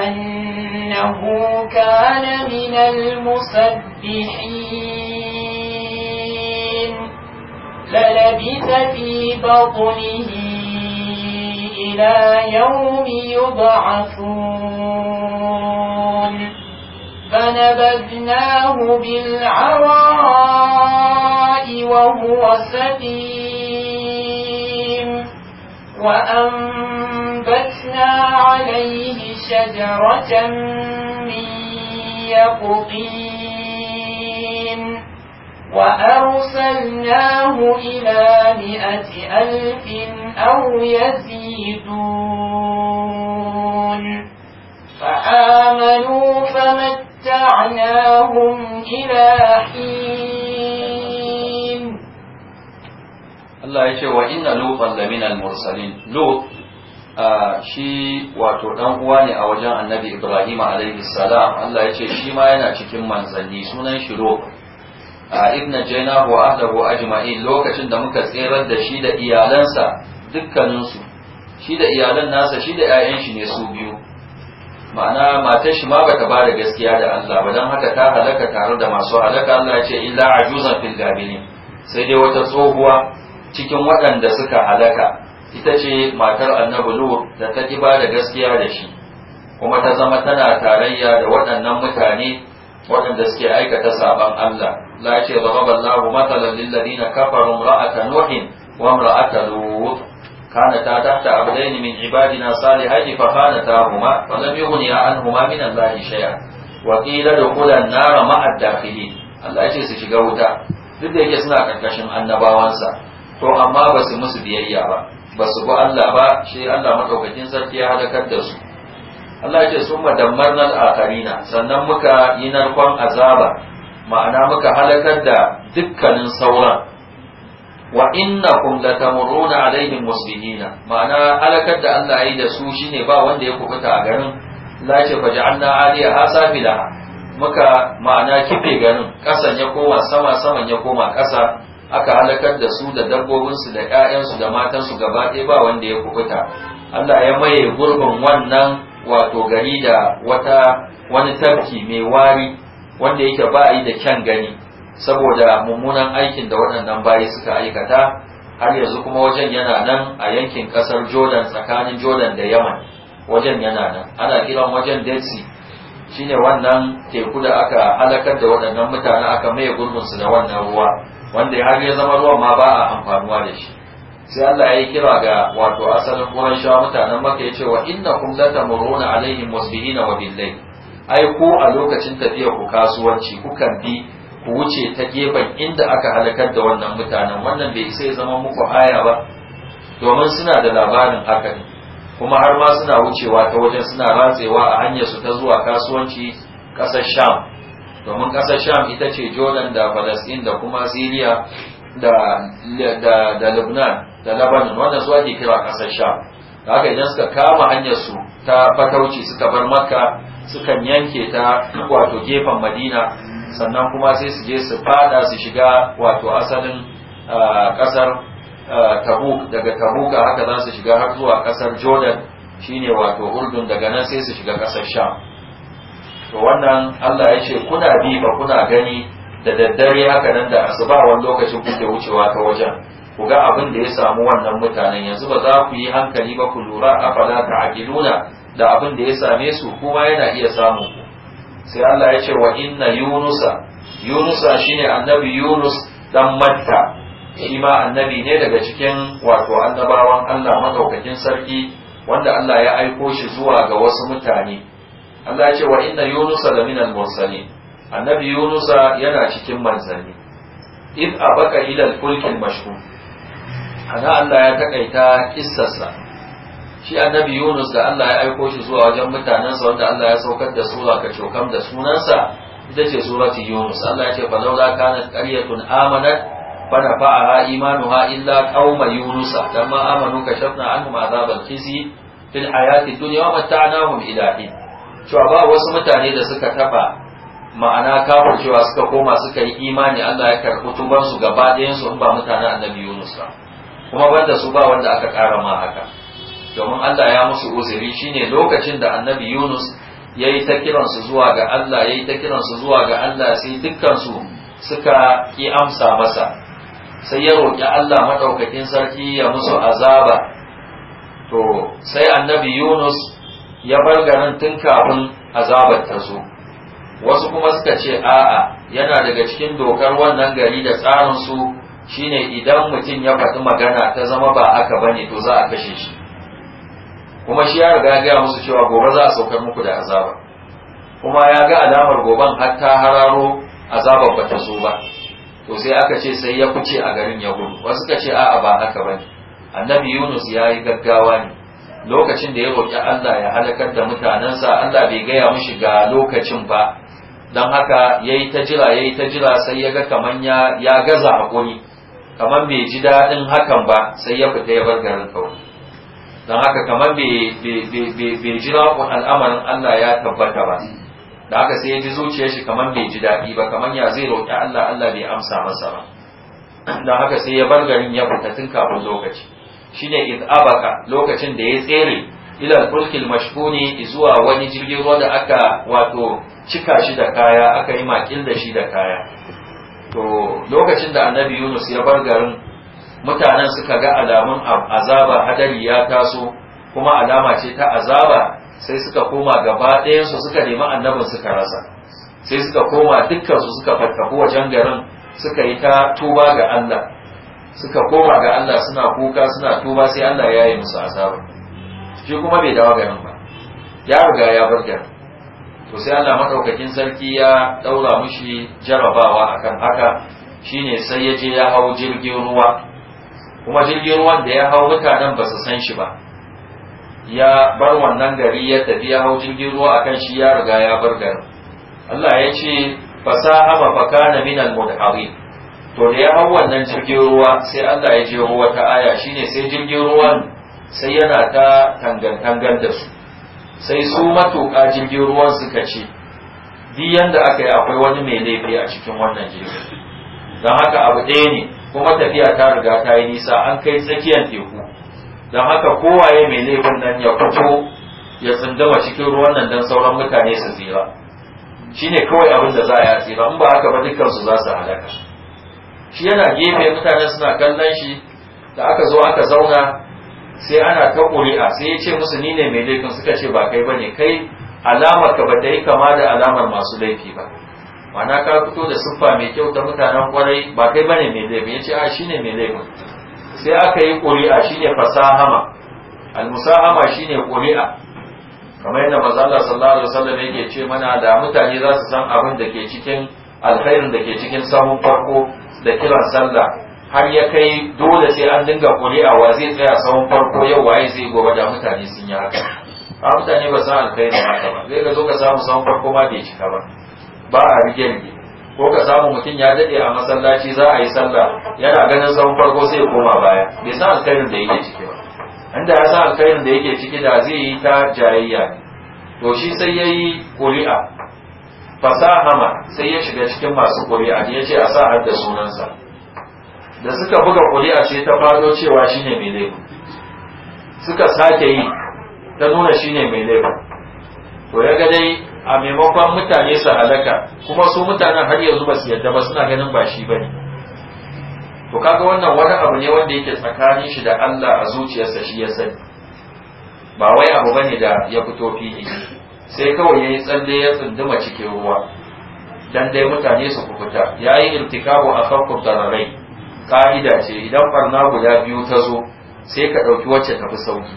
[SPEAKER 1] أنه كان من المسبحين
[SPEAKER 2] للبث
[SPEAKER 1] في بطنه إلى يوم يبعثون فنبذناه بالعراء وهو سقيم وأنبتنا عليه شجرة من يقطين وأرسلناه إلى مئة ألف أو يزيدون فآمنوا فمت متعناهم إلى حين
[SPEAKER 2] الله يشهد وإن لوطا لمن المرسلين لوط shi wato dan uwa ne a wajen annabi ibrahim alaihi salam allah ya ce shi ma yana cikin manzanni sunan shi lot ibn jaina wa ahlahu ajma'in lokacin da muka tserar da shi da iyalansa dukkaninsu shi da iyalan nasa shi da 'ya'yan shi ne su biyu ma'ana matar shi ma bata ba da gaskiya da Allah ba don haka ta halaka tare da masu halaka Allah ya ce illa ajuzan fil gabini sai dai wata tsohuwa cikin waɗanda suka halaka ita ce matar annabi nur da ta ki ba da gaskiya da shi kuma ta zama tana tarayya da waɗannan mutane waɗanda suke aikata saban Allah la ce daraba Allahu matalan lil ladina kafaru imra'ata nuhin wa imra'ata lut كانتا تحت عبدين من عبادنا صالحين فخانتاهما fa يغنيا عنهما من الله شيئا وقيل دخول النار مع الداخلين Allah ya ce su shiga wuta duk da yake suna karkashin annabawansa to amma ba su musu biyayya ba ba su bi Allah ba shi Allah madaukakin sarki ya halakar da su Allah ya ce sun madammarna akarina sannan muka yi narkon azaba ma'ana muka halakar da dukkanin sauran wa innakum tamuruna alaihim musbihina ma'ana alakar da Allah yi da su shine ba wanda ya kubuta a garin la ce fa ja'alna aliya hasafilaha muka ma'ana kife garin kasan ya koma sama saman ya koma kasa aka halakar da su da dabbobin su da ƴaƴan su da matan su gaba ɗaya ba wanda ya kubuta Allah ya maye gurbin wannan wato gari da wata wani tafki mai wari wanda yake ba yi da kyan gani saboda mummunan aikin da waɗannan bayi suka aikata har yanzu kuma wajen yana nan a yankin ƙasar jordan tsakanin jordan da yaman wajen yana nan ana kiran wajen dead sea shine wannan teku da aka halakar da waɗannan mutane aka maye gurbinsu da wannan ruwa wanda har ya zama ruwan ma ba a amfanuwa da shi sai Allah ya yi kira ga wato asalin ruwan sha mutanen maka ya ce wa inna kum la tamuruna alaihim musbihina wa billahi ai ko a lokacin tafiyar ku kasuwanci kukan bi ku wuce ta gefen inda aka halakar da wannan mutanen wannan bai sai zama muku aya ba domin suna da labarin haka ne kuma har ma suna wucewa ta wajen suna ratsewa a hanyar su ta zuwa kasuwanci ƙasar sham domin ƙasar sham ita ce jordan da palestine da kuma syria da da da lebanon da lebanon wannan su ake kira ƙasar sham da haka idan suka kama hanyar su ta fatauci suka bar makka sukan yanke ta wato gefen madina sannan kuma sai su je su fada su shiga wato asalin kasar tabuk daga tabuka haka za su shiga har zuwa kasar jordan shine wato urdun daga nan sai su shiga kasar sham to wannan allah ya ce kuna bi ba kuna gani da daddare haka nan da asuba wani lokacin kuke wucewa ta wajen ku ga abin da ya samu wannan mutanen yanzu ba za ku yi hankali ba ku lura afala ta giluna da abin da ya same su kuma yana iya samu sai Allah ya ce wa inna yunusa yunusa shine annabi yunus dan matta shi ma annabi ne daga cikin wato annabawan Allah madaukakin sarki wanda Allah ya aiko shi zuwa ga wasu mutane Allah ya ce wa inna yunusa da minal mursali annabi yunusa yana cikin manzanni id abaka ila al-fulkin mashhur ana Allah ya takaita kissarsa shi annabi Yunus da Allah ya aiko shi zuwa wajen mutanensa wanda Allah ya saukar da sura ka cokam da sunansa ita ce surati Yunus Allah ya ce fa laula kanat qaryatun amanat fa nafa'aha imanuha illa qauma Yunus dan ma amanu ka shafna anhum azabal khizi fil hayati dunya wa mata'nahum ila hin cewa ba wasu mutane da suka taba ma'ana kafin cewa suka koma suka yi imani Allah ya karɓi tubansu gaba ɗayan su in ba mutanen annabi Yunus ba kuma banda su ba wanda aka ƙara ma haka domin Allah ya musu uzuri shine lokacin da annabi Yunus ya yi ta kiransu zuwa ga Allah ya yi ta kiransu zuwa ga Allah sai dukkansu suka ki amsa masa sai ya roƙi Allah maɗaukakin sarki ya musu azaba to sai annabi Yunus ya bar garin tun kafin azabar ta zo wasu kuma suka ce a'a yana daga cikin dokar wannan gari da tsarin su shine idan mutum ya faɗi magana ta zama ba aka bane to za a kashe shi kuma shi ya riga gaya musu cewa gobe za a saukar muku da azaba kuma ya ga alamar goban har ta hararo azabar ba ta zo ba to sai aka ce sai ya fice a garin ya gudu wasu ka ce a'a ba haka bane annabi yunus ya yi gaggawa ne lokacin da ya roƙi allah ya halakar da mutanensa allah bai gaya mushi ga lokacin ba don haka ya yi ta jira ya ta jira sai ya ga kaman ya gaza haƙuri kamar bai ji daɗin hakan ba sai ya fita ya bar garin kawai don haka kamar bai jira al'amarin Allah ya tabbata ba da haka sai ya ji zuciyar shi kamar bai ji daɗi ba kamar ya zai roƙi Allah Allah bai amsa masa ba don haka sai ya bar garin ya fita tun kafin lokaci shine iz abaka lokacin da ya tsere ilal fulkil mashkuni zuwa wani jirgin ruwa da aka wato cika shi da kaya aka yi makil da shi da kaya to lokacin da annabi Yunus ya bar garin mutanen suka ga alamun azaba hadari ya taso kuma alama ce ta azaba sai suka koma gaba ɗayansu suka nemi annabin suka rasa sai suka koma dukkansu suka farkafu wajen garin suka yi ta tuba ga Allah suka koma ga Allah suna kuka suna tuba sai Allah ya yi musu azaba shi kuma bai dawo garin ba ya riga ya bar garin to sai Allah madaukakin sarki ya daura mushi jarabawa akan haka shine sai ya je ya hau jirgin ruwa kuma jirgin ruwan da ya hau mutanen ba su san shi ba ya bar wannan gari ya tafi ya hau jirgin ruwa akan shi ya riga ya bar gari Allah ya ce fasahama fakana minal mudharin to da ya hau wannan jirgin ruwa sai Allah ya je ruwa ta aya shine sai jirgin ruwan sai yana ta tangantangan da su sai su matuƙa jirgin ruwan suka ce biyan da aka yi akwai wani mai laifi a cikin wannan jirgin don haka abu ɗaya ne kuma tafiya ta riga ta yi nisa an kai tsakiyar teku don haka kowaye mai laifin nan ya fito ya tsindama cikin ruwan nan don sauran mutane su tsira Shi ne kawai abin da za a yi tsira in ba haka ba dukansu za su halaka shi yana gefe mutane suna kallon shi da aka zo aka zauna sai ana ta ƙuri'a sai ya ce musu ni ne mai laifin suka ce ba kai ba ne kai alamar ka ba ta yi kama da alamar masu laifi ba ma'ana ka fito da siffa mai kyau ta mutanen kwarai ba kai bane mai laifin ce a shine mai laifin sai aka yi ƙuri'a shine fasahama almusahama shine ƙuri'a kamar yadda manzo Allah sallallahu alaihi wasallam yake ce mana da mutane za su san abin da ke cikin alkhairin da ke cikin sahun farko da kiran sallah har ya kai dole sai an dinga ƙuri'a wa zai tsaya sahun farko yau waye zai gobe da mutane sun yi haka a mutane ba san alkhairin haka ba zai ga zo ka samu sahun farko ma bai cika ba ba a rige ko ka samu mutum ya daɗe a masallaci za a yi sallah yana ganin sabon farko sai ya koma baya bai san alkhairin da yake ciki ba inda ya san alkhairin da yake ciki da zai yi ta jayayya to shi sai ya yi ƙuri'a fasahama sai ya shiga cikin masu ƙuri'a ya ce a sa har da sunansa da suka buga ƙuri'a ce ta fado cewa shine mai laifi suka sake yi ta nuna shine mai laifi to ya ga dai a maimakon mutane su halaka kuma su mutanen har yanzu ba su yadda ba suna ganin ba shi bane to kaga wannan wani abu ne wanda yake tsakanin shi da Allah a zuciyarsa shi ya sani ba wai abu bane da ya fito fili sai kawai yayi tsalle ya tsunduma cikin ruwa dan dai mutane su kufuta yayi irtikabu akhaffu dararai ka'ida ce idan barna guda biyu ta zo sai ka ɗauki wacce tafi sauki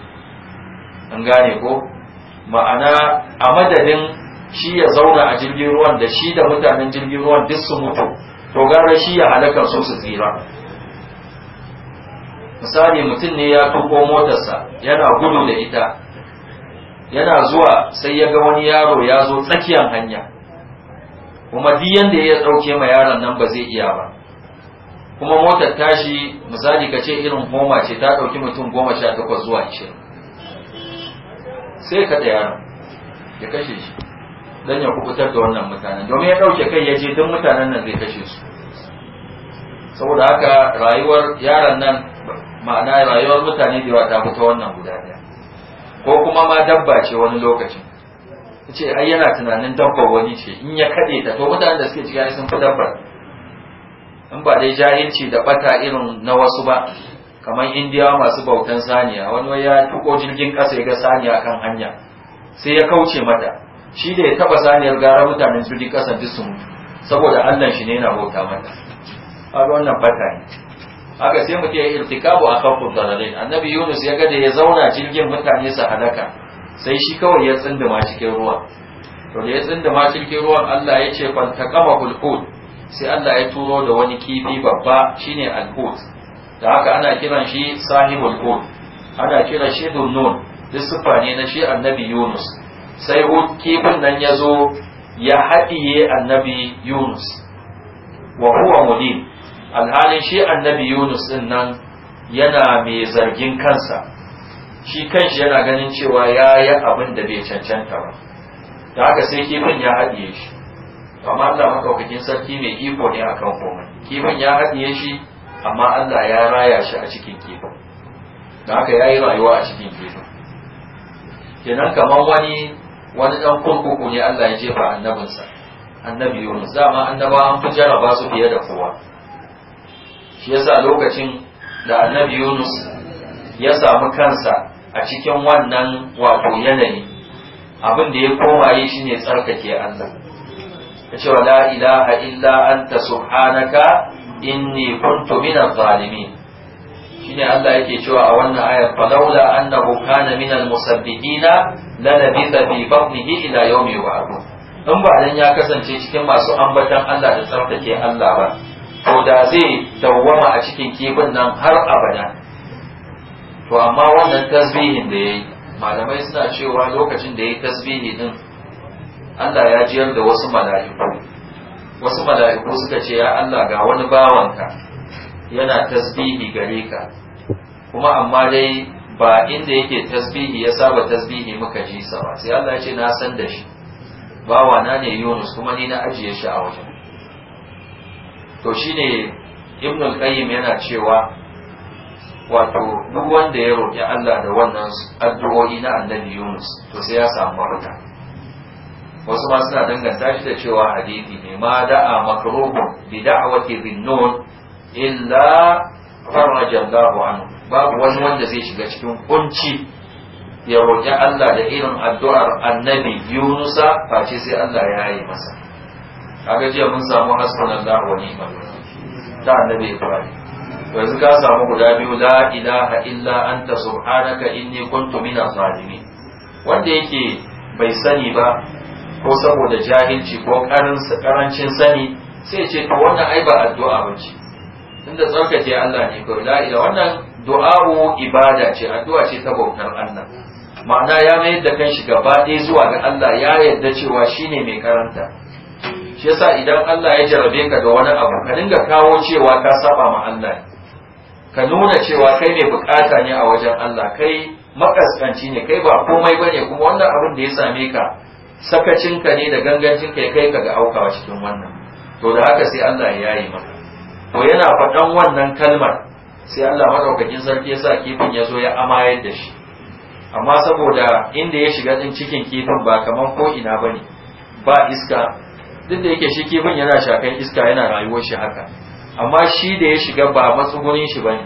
[SPEAKER 2] an gane ko ma'ana a madadin shi ya zauna a jirgin ruwan da shi da mutanen jirgin ruwan duk su mutu to gara shi ya halaka su su tsira misali mutum ne ya tuko motarsa yana gudu da ita yana zuwa sai ya ga wani yaro ya zo tsakiyar hanya kuma duk da ya ɗauke ma yaron nan ba zai iya ba kuma motar tashi misali ka ce irin homa ce ta ɗauki mutum goma sha takwas zuwa ishirin sai ka ɗaya yaron ya kashe shi don ya kubutar da wannan mutanen domin ya ɗauke kai ya je duk mutanen nan zai kashe su saboda haka rayuwar yaron nan ma'ana rayuwar mutane da yawa ta fita wannan guda ɗaya ko kuma ma dabba ce wani lokacin ce ai yana tunanin dabba wani ce in ya kaɗe ta to mutanen da suke ciki sun fi dabbar in ba dai jahilci da bata irin na wasu ba kamar indiyawa masu bautan saniya wani ya tuko jirgin ƙasa ya ga saniya kan hanya sai ya kauce mata shi da ya taba saniyar gara mutane su ji duk su saboda Allah shi ne yana bauta mata har wannan bata ne haka sai mutum ya irtikabu a kan dalalai annabi Yunus ya ga da ya zauna jirgin mutane su halaka sai shi kawai ya tsinduma cikin ruwa to da ya tsinduma cikin ruwan Allah ya ce fan taqama hulqud sai Allah ya turo da wani kifi babba shine alhut da haka ana kiran shi sahibul hut ana kiran shi dunnun duk ne na shi annabi Yunus sai kifin nan ya zo ya haɗiye annabi yunus wa huwa mudin alhalin shi annabi yunus din nan yana mai zargin kansa shi kanshi yana ganin cewa ya yi abin da bai cancanta ba da haka sai kifin ya haɗiye shi amma allah maɗaukakin sarki mai iko ne akan komai kifin ya haɗiye shi amma allah ya raya shi a cikin kifin da haka ya yi rayuwa a cikin kifin kenan kamar wani wani dan kurkuku ne Allah ya jefa annabinsa annabi Yunus dama annaba an fi jaraba su fiye da kowa shi yasa lokacin da annabi Yunus ya samu kansa a cikin wannan wato yanayi abin da ya koma yi shine tsarkake Allah ya ce wa la ilaha illa anta subhanaka inni kuntu minaz zalimin shine Allah yake cewa a wannan ayar falaula annahu kana al-musabbidina la labitha fi batnihi ila yawmi yub'athun in ba dan ya kasance cikin masu ambatan Allah da tsarkake Allah ba to da zai dawwama a cikin kibin nan har abada to amma wannan tasbihin da yayi malamai suna cewa lokacin da yayi tasbihi din Allah ya jiyar da wasu mala'iku wasu mala'iku suka ce ya Allah ga wani bawanka yana tasbihi gare ka kuma amma dai ba inda yake tasbihi ya saba tasbihi muka ji sa ba sai Allah ya ce na san da shi bawa na ne Yunus kuma ni na ajiye shi a wajen to shine Ibn al-Qayyim yana cewa wato duk wanda ya roƙi Allah da wannan addu'o'i na Annabi Yunus to sai ya samu barka wasu ma suna danganta shi da cewa hadisi ne ma da'a makruhu bi da'wati nun illa farraja Allahu anhu babu wani wanda zai shiga cikin kunci ya roƙi Allah da irin addu'ar annabi Yunusa face sai Allah ya yi masa kaga jiya mun samu hasbunallahu wa ni'mal da annabi Ibrahim yanzu ka samu guda biyu la ilaha illa anta subhanaka inni kuntu minaz zalimin wanda yake bai sani ba ko saboda jahilci ko karancin sani sai ce to wannan ai ba addu'a bace tunda tsarkake Allah ne kawai la ila wannan du'a'u ibada ce addu'a ce ta bautar Allah ma'ana ya mayar da kanshi gaba ɗaya zuwa ga Allah ya yarda cewa shine mai karanta shi yasa idan Allah ya jarabe ka ga wani abu ka dinga kawo cewa ka saba ma Allah ka nuna cewa kai mai bukata ne a wajen Allah kai makaskanci ne kai ba komai bane kuma wannan abin da ya same ka sakacinka ne da gangancin kai kai ka ga aukawa cikin wannan to da haka sai Allah ya yi maka to yana faɗan wannan kalmar sai Allah maɗaukakin sarki ya sa kifin ya zo ya amayar da shi amma saboda inda ya shiga din cikin kifin ba kamar ko ina bane ba iska duk da yake shi kifin yana shakan iska yana rayuwar shi haka amma shi da ya shiga ba matsugunin shi bane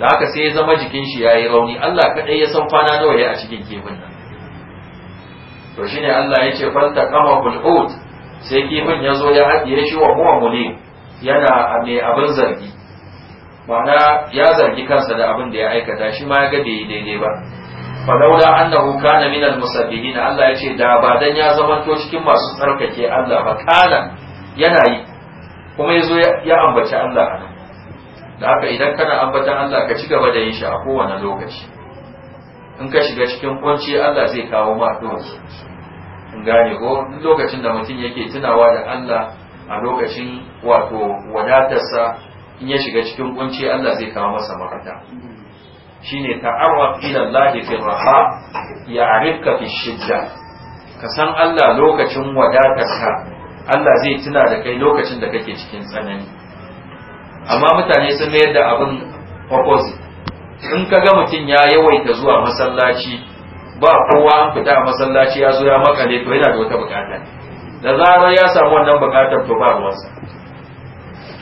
[SPEAKER 2] da haka sai ya zama jikin shi yayi rauni Allah kaɗai ya san kwana nawa ya a cikin kifin nan to shine Allah ya ce fanta kama bil sai kifin ya zo ya haɗiye shi wa huwa ne. yana mai abin zargi ma'ana ya zargi kansa da abin da ya aikata shi ma ya ga bai daidai ba falaula annahu kana min musabbihin Allah ya ce da ba dan ya zamanto cikin masu tsarkake Allah ba kana yana yi kuma yazo ya ambaci Allah a da haka idan kana ambatan Allah ka ci gaba da yin shi a kowane lokaci in ka shiga cikin kunci Allah zai kawo ma dole in gane ko lokacin da mutum yake tunawa da Allah a lokacin wato wadatarsa in ya shiga cikin kunci Allah zai kawo masa mafita shine ta'arraf ila Allah fi raha ya'rifka fi shidda ka san Allah lokacin wadatarka Allah zai tuna da kai lokacin da kake cikin tsanani amma mutane sun mayar da abin opposite in ka ga mutum ya yawaita zuwa masallaci ba kowa an fita a masallaci ya zo ya makale to yana da wata bukata da zarar ya samu wannan bukatar to ba ruwansa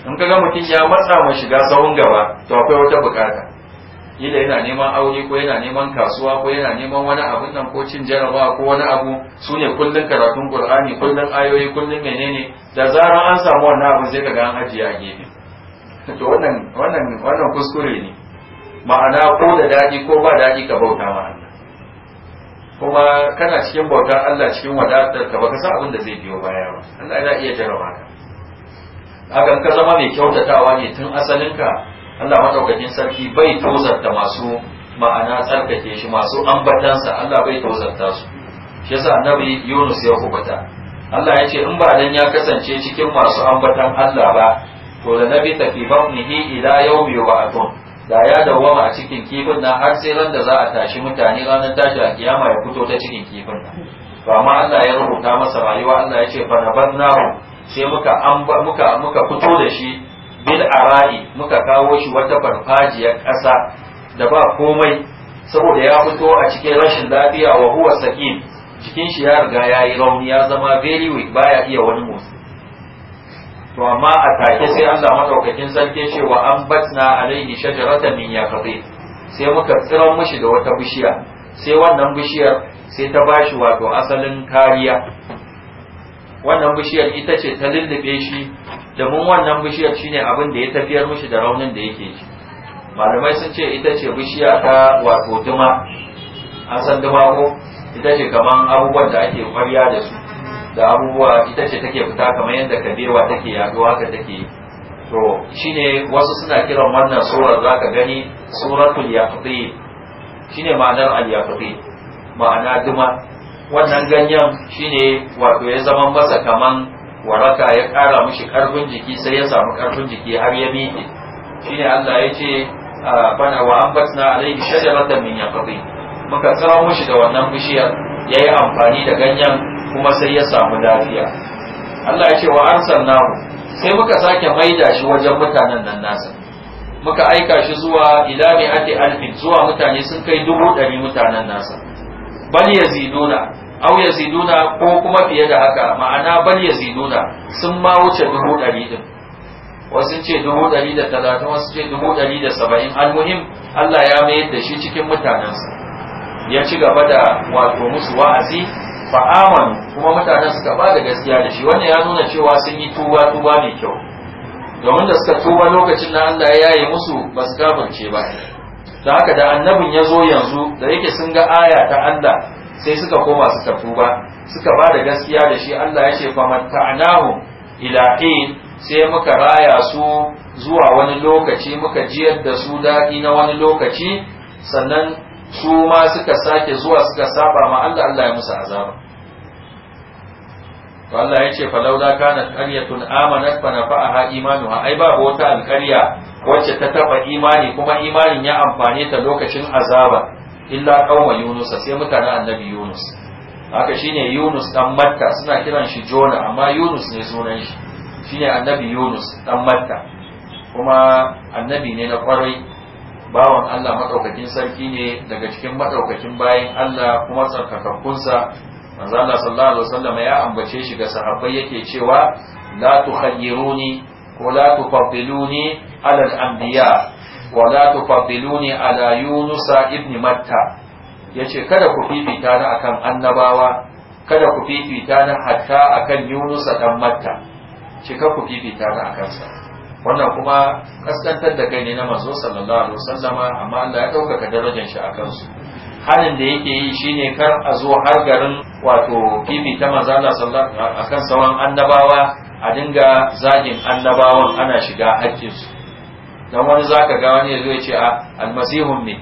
[SPEAKER 2] in ga mutum ya matsa mai shiga tsawon gaba to akwai wata bukata yadda yana neman aure ko yana neman kasuwa ko yana neman wani abun nan ko cin jarabawa ko wani abu su ne kullum karatun qur'ani kullum ayoyi kullum menene da zarar an samu wannan abu sai kaga an ajiye a gefe [laughs] to wannan wannan wannan kuskure ne ma'ana ko da daɗi ko ba daɗi ka bauta ma Allah kuma kana cikin bauta Allah cikin wadatar ka baka san abin da zai biyo baya ba Allah ya iya jarabawa hakan ka zama mai kyautatawa ne tun asalinka Allah madaukakin sarki bai tozarta masu ma'ana tsarkake shi masu ambatansa Allah bai tozarta su shi yasa annabi Yunus ya kubuta Allah ya ce in ba dan ya kasance cikin masu ambatan Allah ba to da nabi tafi yau ila yawmi yub'atun da ya dawwama a cikin kifin nan har sai ran da za a tashi mutane ranar tashi a kiyama ya fito ta cikin kifin nan Ba amma Allah ya rubuta masa rayuwa Allah ya ce fa nabannahu sai muka muka muka fito da shi bil ara'i muka kawo shi wata farfajiyar ƙasa da ba komai saboda ya fito a cikin rashin lafiya wa huwa sakin jikin shi ya riga ya yi rauni ya zama very weak baya iya wani motsi to amma a take sai Allah madaukakin sarki ce wa an batna alaihi shajaratan min yaqdi sai muka tsira mishi da wata bishiya sai wannan bishiyar sai ta bashi wato asalin kariya wannan bishiyar ita ce ta lullube shi domin wannan bishiyar shi ne abin da ya tafiyar mishi da raunin da yake ji malamai sun ce ita ce bishiya ta wato duma an san duma ko ita ce kamar abubuwan da ake kwariya da su da abubuwa ita ce take fita kamar yadda kabewa take yaduwa ka take yi to shine wasu suna kiran wannan surar zaka gani suratul yaqti shine ma'anar al yaqti ma'ana duma wannan ganyen shine wato ya zama masa kaman waraka ya ƙara mishi ƙarfin jiki sai ya samu ƙarfin jiki har ya miƙe shine Allah ya ce bana wa ambatna alaihi shajaratan min yaqbi muka tsawo mishi da wannan bishiyar yayi amfani da ganyen kuma sai ya samu lafiya Allah ya ce wa arsalnahu sai muka sake maida shi wajen mutanen nan nasa muka aika shi zuwa ila mi'ati alfin zuwa mutane sun kai dubu ɗari mutanen nasa bal yaziduna aw yaziduna ko kuma fiye da haka ma'ana bal yaziduna sun ma wuce dubu ɗari din wasu ce dubu ɗari da talatin wasu ce dubu ɗari da saba'in almuhim Allah ya mayar da shi cikin mutanensa ya ci gaba da wato musu wa'azi fa'amanu kuma mutanen suka ba da gaskiya da shi wannan ya nuna cewa sun yi tuba tuba mai kyau domin da suka tuba lokacin da Allah ya yi musu ba su kafirce ba da haka da annabin ya zo yanzu da yake sun ga aya ta Allah sai suka koma su suka tuba suka ba da gaskiya da shi Allah ya ce mata'nahu ila in sai muka raya su zuwa wani lokaci muka jiyar da su daɗi na wani lokaci sannan su ma suka sake zuwa suka saba ma Allah Allah ya musu azaba to Allah ya ce falauda kanat qaryatun amanat fa nafa'aha imanuha ai ba wata alƙarya wacce ta taba imani kuma imanin ya amfane ta lokacin azaba illa qauma yunus sai mutanen annabi yunus haka shine yunus dan matta suna kiran shi jona amma yunus ne sunan shi shine annabi yunus dan matta kuma annabi ne na kwarai bawan Allah madaukakin sarki ne daga cikin madaukakin bayan Allah kuma tsarkakakkunsa manzo Allah sallallahu alaihi wasallam ya ambace shi ga sahabbai yake cewa la tukhayyiruni wa la tufaddiluni ala al-anbiya wa la tufaddiluni ala yunus ibn matta yace kada ku fifita ni akan annabawa kada ku fifita ni hatta akan yunus dan matta ce ka ku fifita ni akan sa wannan kuma kaskantar da kai ne na manzo sallallahu alaihi wasallama amma Allah ya dauka darajar shi akan su Halin da yake yi shine kar a zo har garin wato kifi ta manzo Allah sallallahu akan sauran annabawa a dinga zagin annabawan ana shiga haƙƙinsu dan wani zaka ga wani yazo ya ce a almasihun ne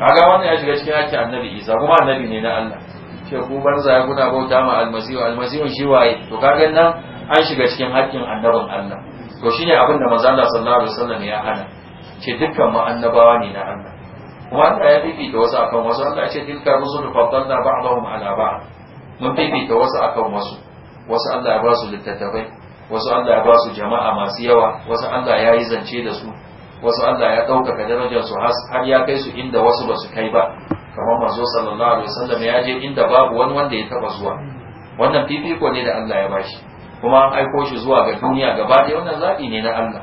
[SPEAKER 2] kaga wani ya shiga cikin hakkin annabi Isa kuma annabi ne na Allah ce ku banza ya na bauta ma almasihu Almasihun shi waye to kaga nan an shiga cikin haƙƙin annabin Allah to shine abin da manzo Allah sallallahu alaihi wasallam ya hana ce dukkan mu annabawa ne na Allah kuma Allah ya fifita wasu akan wasu Allah ya ce tilka da ba a ala ba mun fifita wasu akan wasu wasu Allah ya ba su littattafai wasu Allah ya ba su jama'a masu yawa wasu Allah ya yi zance da su wasu Allah ya ɗaukaka darajar su har ya kai su inda wasu ba su kai ba kamar manzo sallallahu alaihi wasallam ya je inda babu wani wanda ya taba zuwa wannan fifiko ne da Allah ya bashi kuma an aiko shi zuwa ga duniya gaba ɗaya wannan zaɓi ne na Allah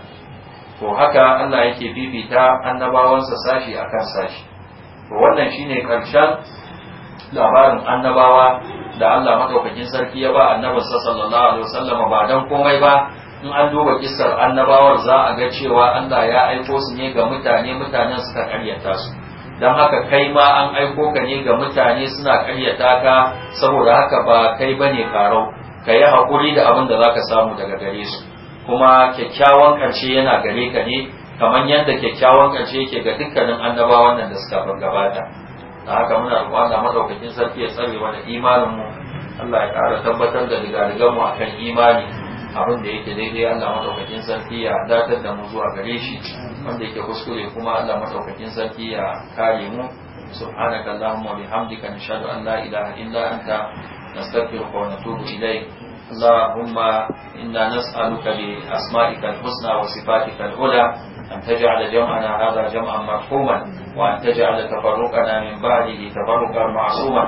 [SPEAKER 2] to haka Allah yake bibita annabawansa sashi akan sashi to wannan shine karshen labarin annabawa da Allah madaukakin sarki ya ba annabinsa sallallahu alaihi wasallam ba dan komai ba in an duba kissar annabawar za a ga cewa Allah ya aiko su ne ga mutane mutanen suka karyata su dan haka kai ma an aiko ka ne ga mutane suna karyata ka saboda haka ba kai bane karau? ka yi haƙuri da abin da za ka samu daga gare su kuma kyakkyawan karshe yana gare ka ne kamar yadda kyakkyawan karshe yake ga dukkanin annabawan nan da suka gabata da haka muna roƙon Allah madaukakin sarki ya tsare wani imanin mu Allah ya ƙara tabbatar da digadigan mu akan imani abin da yake daidai Allah madaukakin sarki ya datar da mu zuwa gare shi wanda yake kuskure kuma Allah madaukakin sarki ya kare mu سبحانك اللهم وبحمدك نشهد أن لا إله إلا أنت نستغفرك ونتوب إليك اللهم إنا نسألك بأسمائك الحسنى وصفاتك العلى أن تجعل جمعنا هذا جمعا مرحوما وأن تجعل تفرقنا من بعده تفرقا معصوما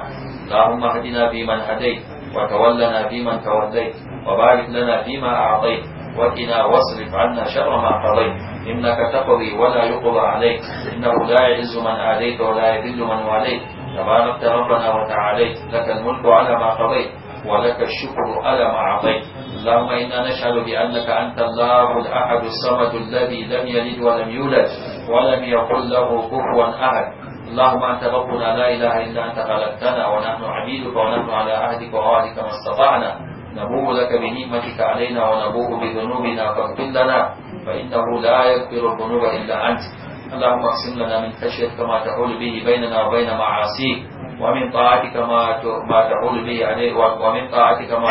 [SPEAKER 2] اللهم اهدنا فيمن هديت وتولنا فيمن توليت وبارك لنا فيما أعطيت وقنا واصرف عنا شر ما قضيت إنك تقضي ولا يقضى عليك إنه لا يعز من آليت ولا يذل من واليت تباركت ربنا وتعاليت لك الملك على ما قضيت ولك الشكر على ما أعطيت اللهم إنا نشهد بأنك أنت الله الأحد الصمد الذي لم يلد ولم يولد ولم يقل له كفوا أحد اللهم أنت ربنا لا إله إلا أنت خلقتنا ونحن عبيدك ونحن على عهدك ووعدك ما استطعنا نبوء لك بنعمتك علينا ونبوء بذنوبنا فاغفر لنا فإنه لا يغفر الذنوب إلا أنت اللهم اقسم لنا من خشيتك ما تحول به بيننا وبين معاصيك ومن طاعتك ما ما تعول به عليه يعني، ومن طاعتك ما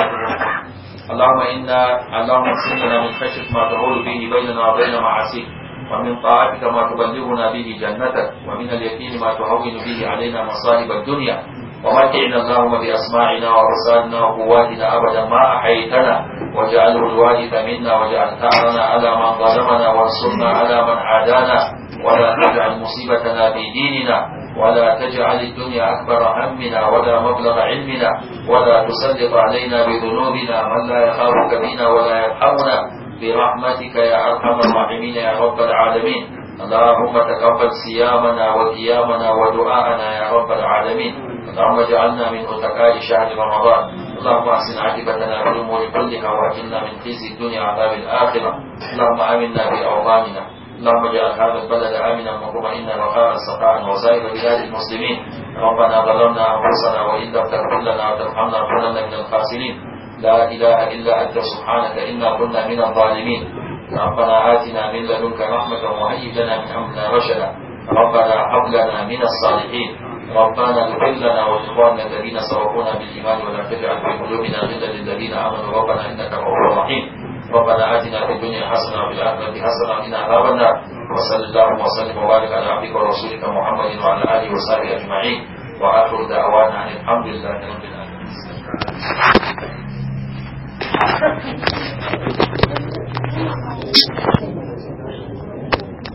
[SPEAKER 2] اللهم إنا اللهم اقسمنا من خشيتك ما تعول به بيننا وبين معاصيك ومن طاعتك ما تبلغنا به جنتك ومن اليقين ما تهون به علينا مصائب الدنيا ومتعنا اللهم بأسماعنا وارسالنا وقواتنا أبدا ما أحيتنا واجعله الوارث منا واجعل ثأرنا على من ظلمنا وانصرنا على من عادانا ولا تجعل مصيبتنا في ديننا ولا تجعل الدنيا أكبر همنا ولا مبلغ علمنا ولا تسلط علينا بذنوبنا من لا يخافك بنا ولا يرحمنا برحمتك يا أرحم الراحمين يا رب العالمين اللهم تقبل صيامنا وقيامنا ودعاءنا يا رب العالمين اللهم اجعلنا من أتقاء شهر رمضان اللهم احسن عاقبتنا في الأمور كلها وأجلنا من خزي الدنيا عذاب الآخرة اللهم آمنا بأوطاننا اللهم اجعل هذا البلد امنا مطمئنا رخاء سخاء وسائر بلاد المسلمين ربنا ظلمنا انفسنا وان لم تغفر لنا وترحمنا لكونن من الخاسرين لا اله الا انت سبحانك انا كنا من الظالمين ربنا اتنا من لدنك رحمه وهيئ لنا من امرنا رشدا ربنا هب لنا من الصالحين ربنا اغفر لنا ولاخواننا الذين سبقونا بالايمان ولا تجعل في قلوبنا غلا للذين امنوا ربنا انك رؤوف رحيم ربنا آتنا في الدنيا حسنة وفي الآخرة حسنة وقنا عذاب النار وصلى اللهم وسلم وبارك على عبدك ورسولك محمد وعلى آله وصحبه أجمعين وآخر دعوانا أن الحمد لله رب العالمين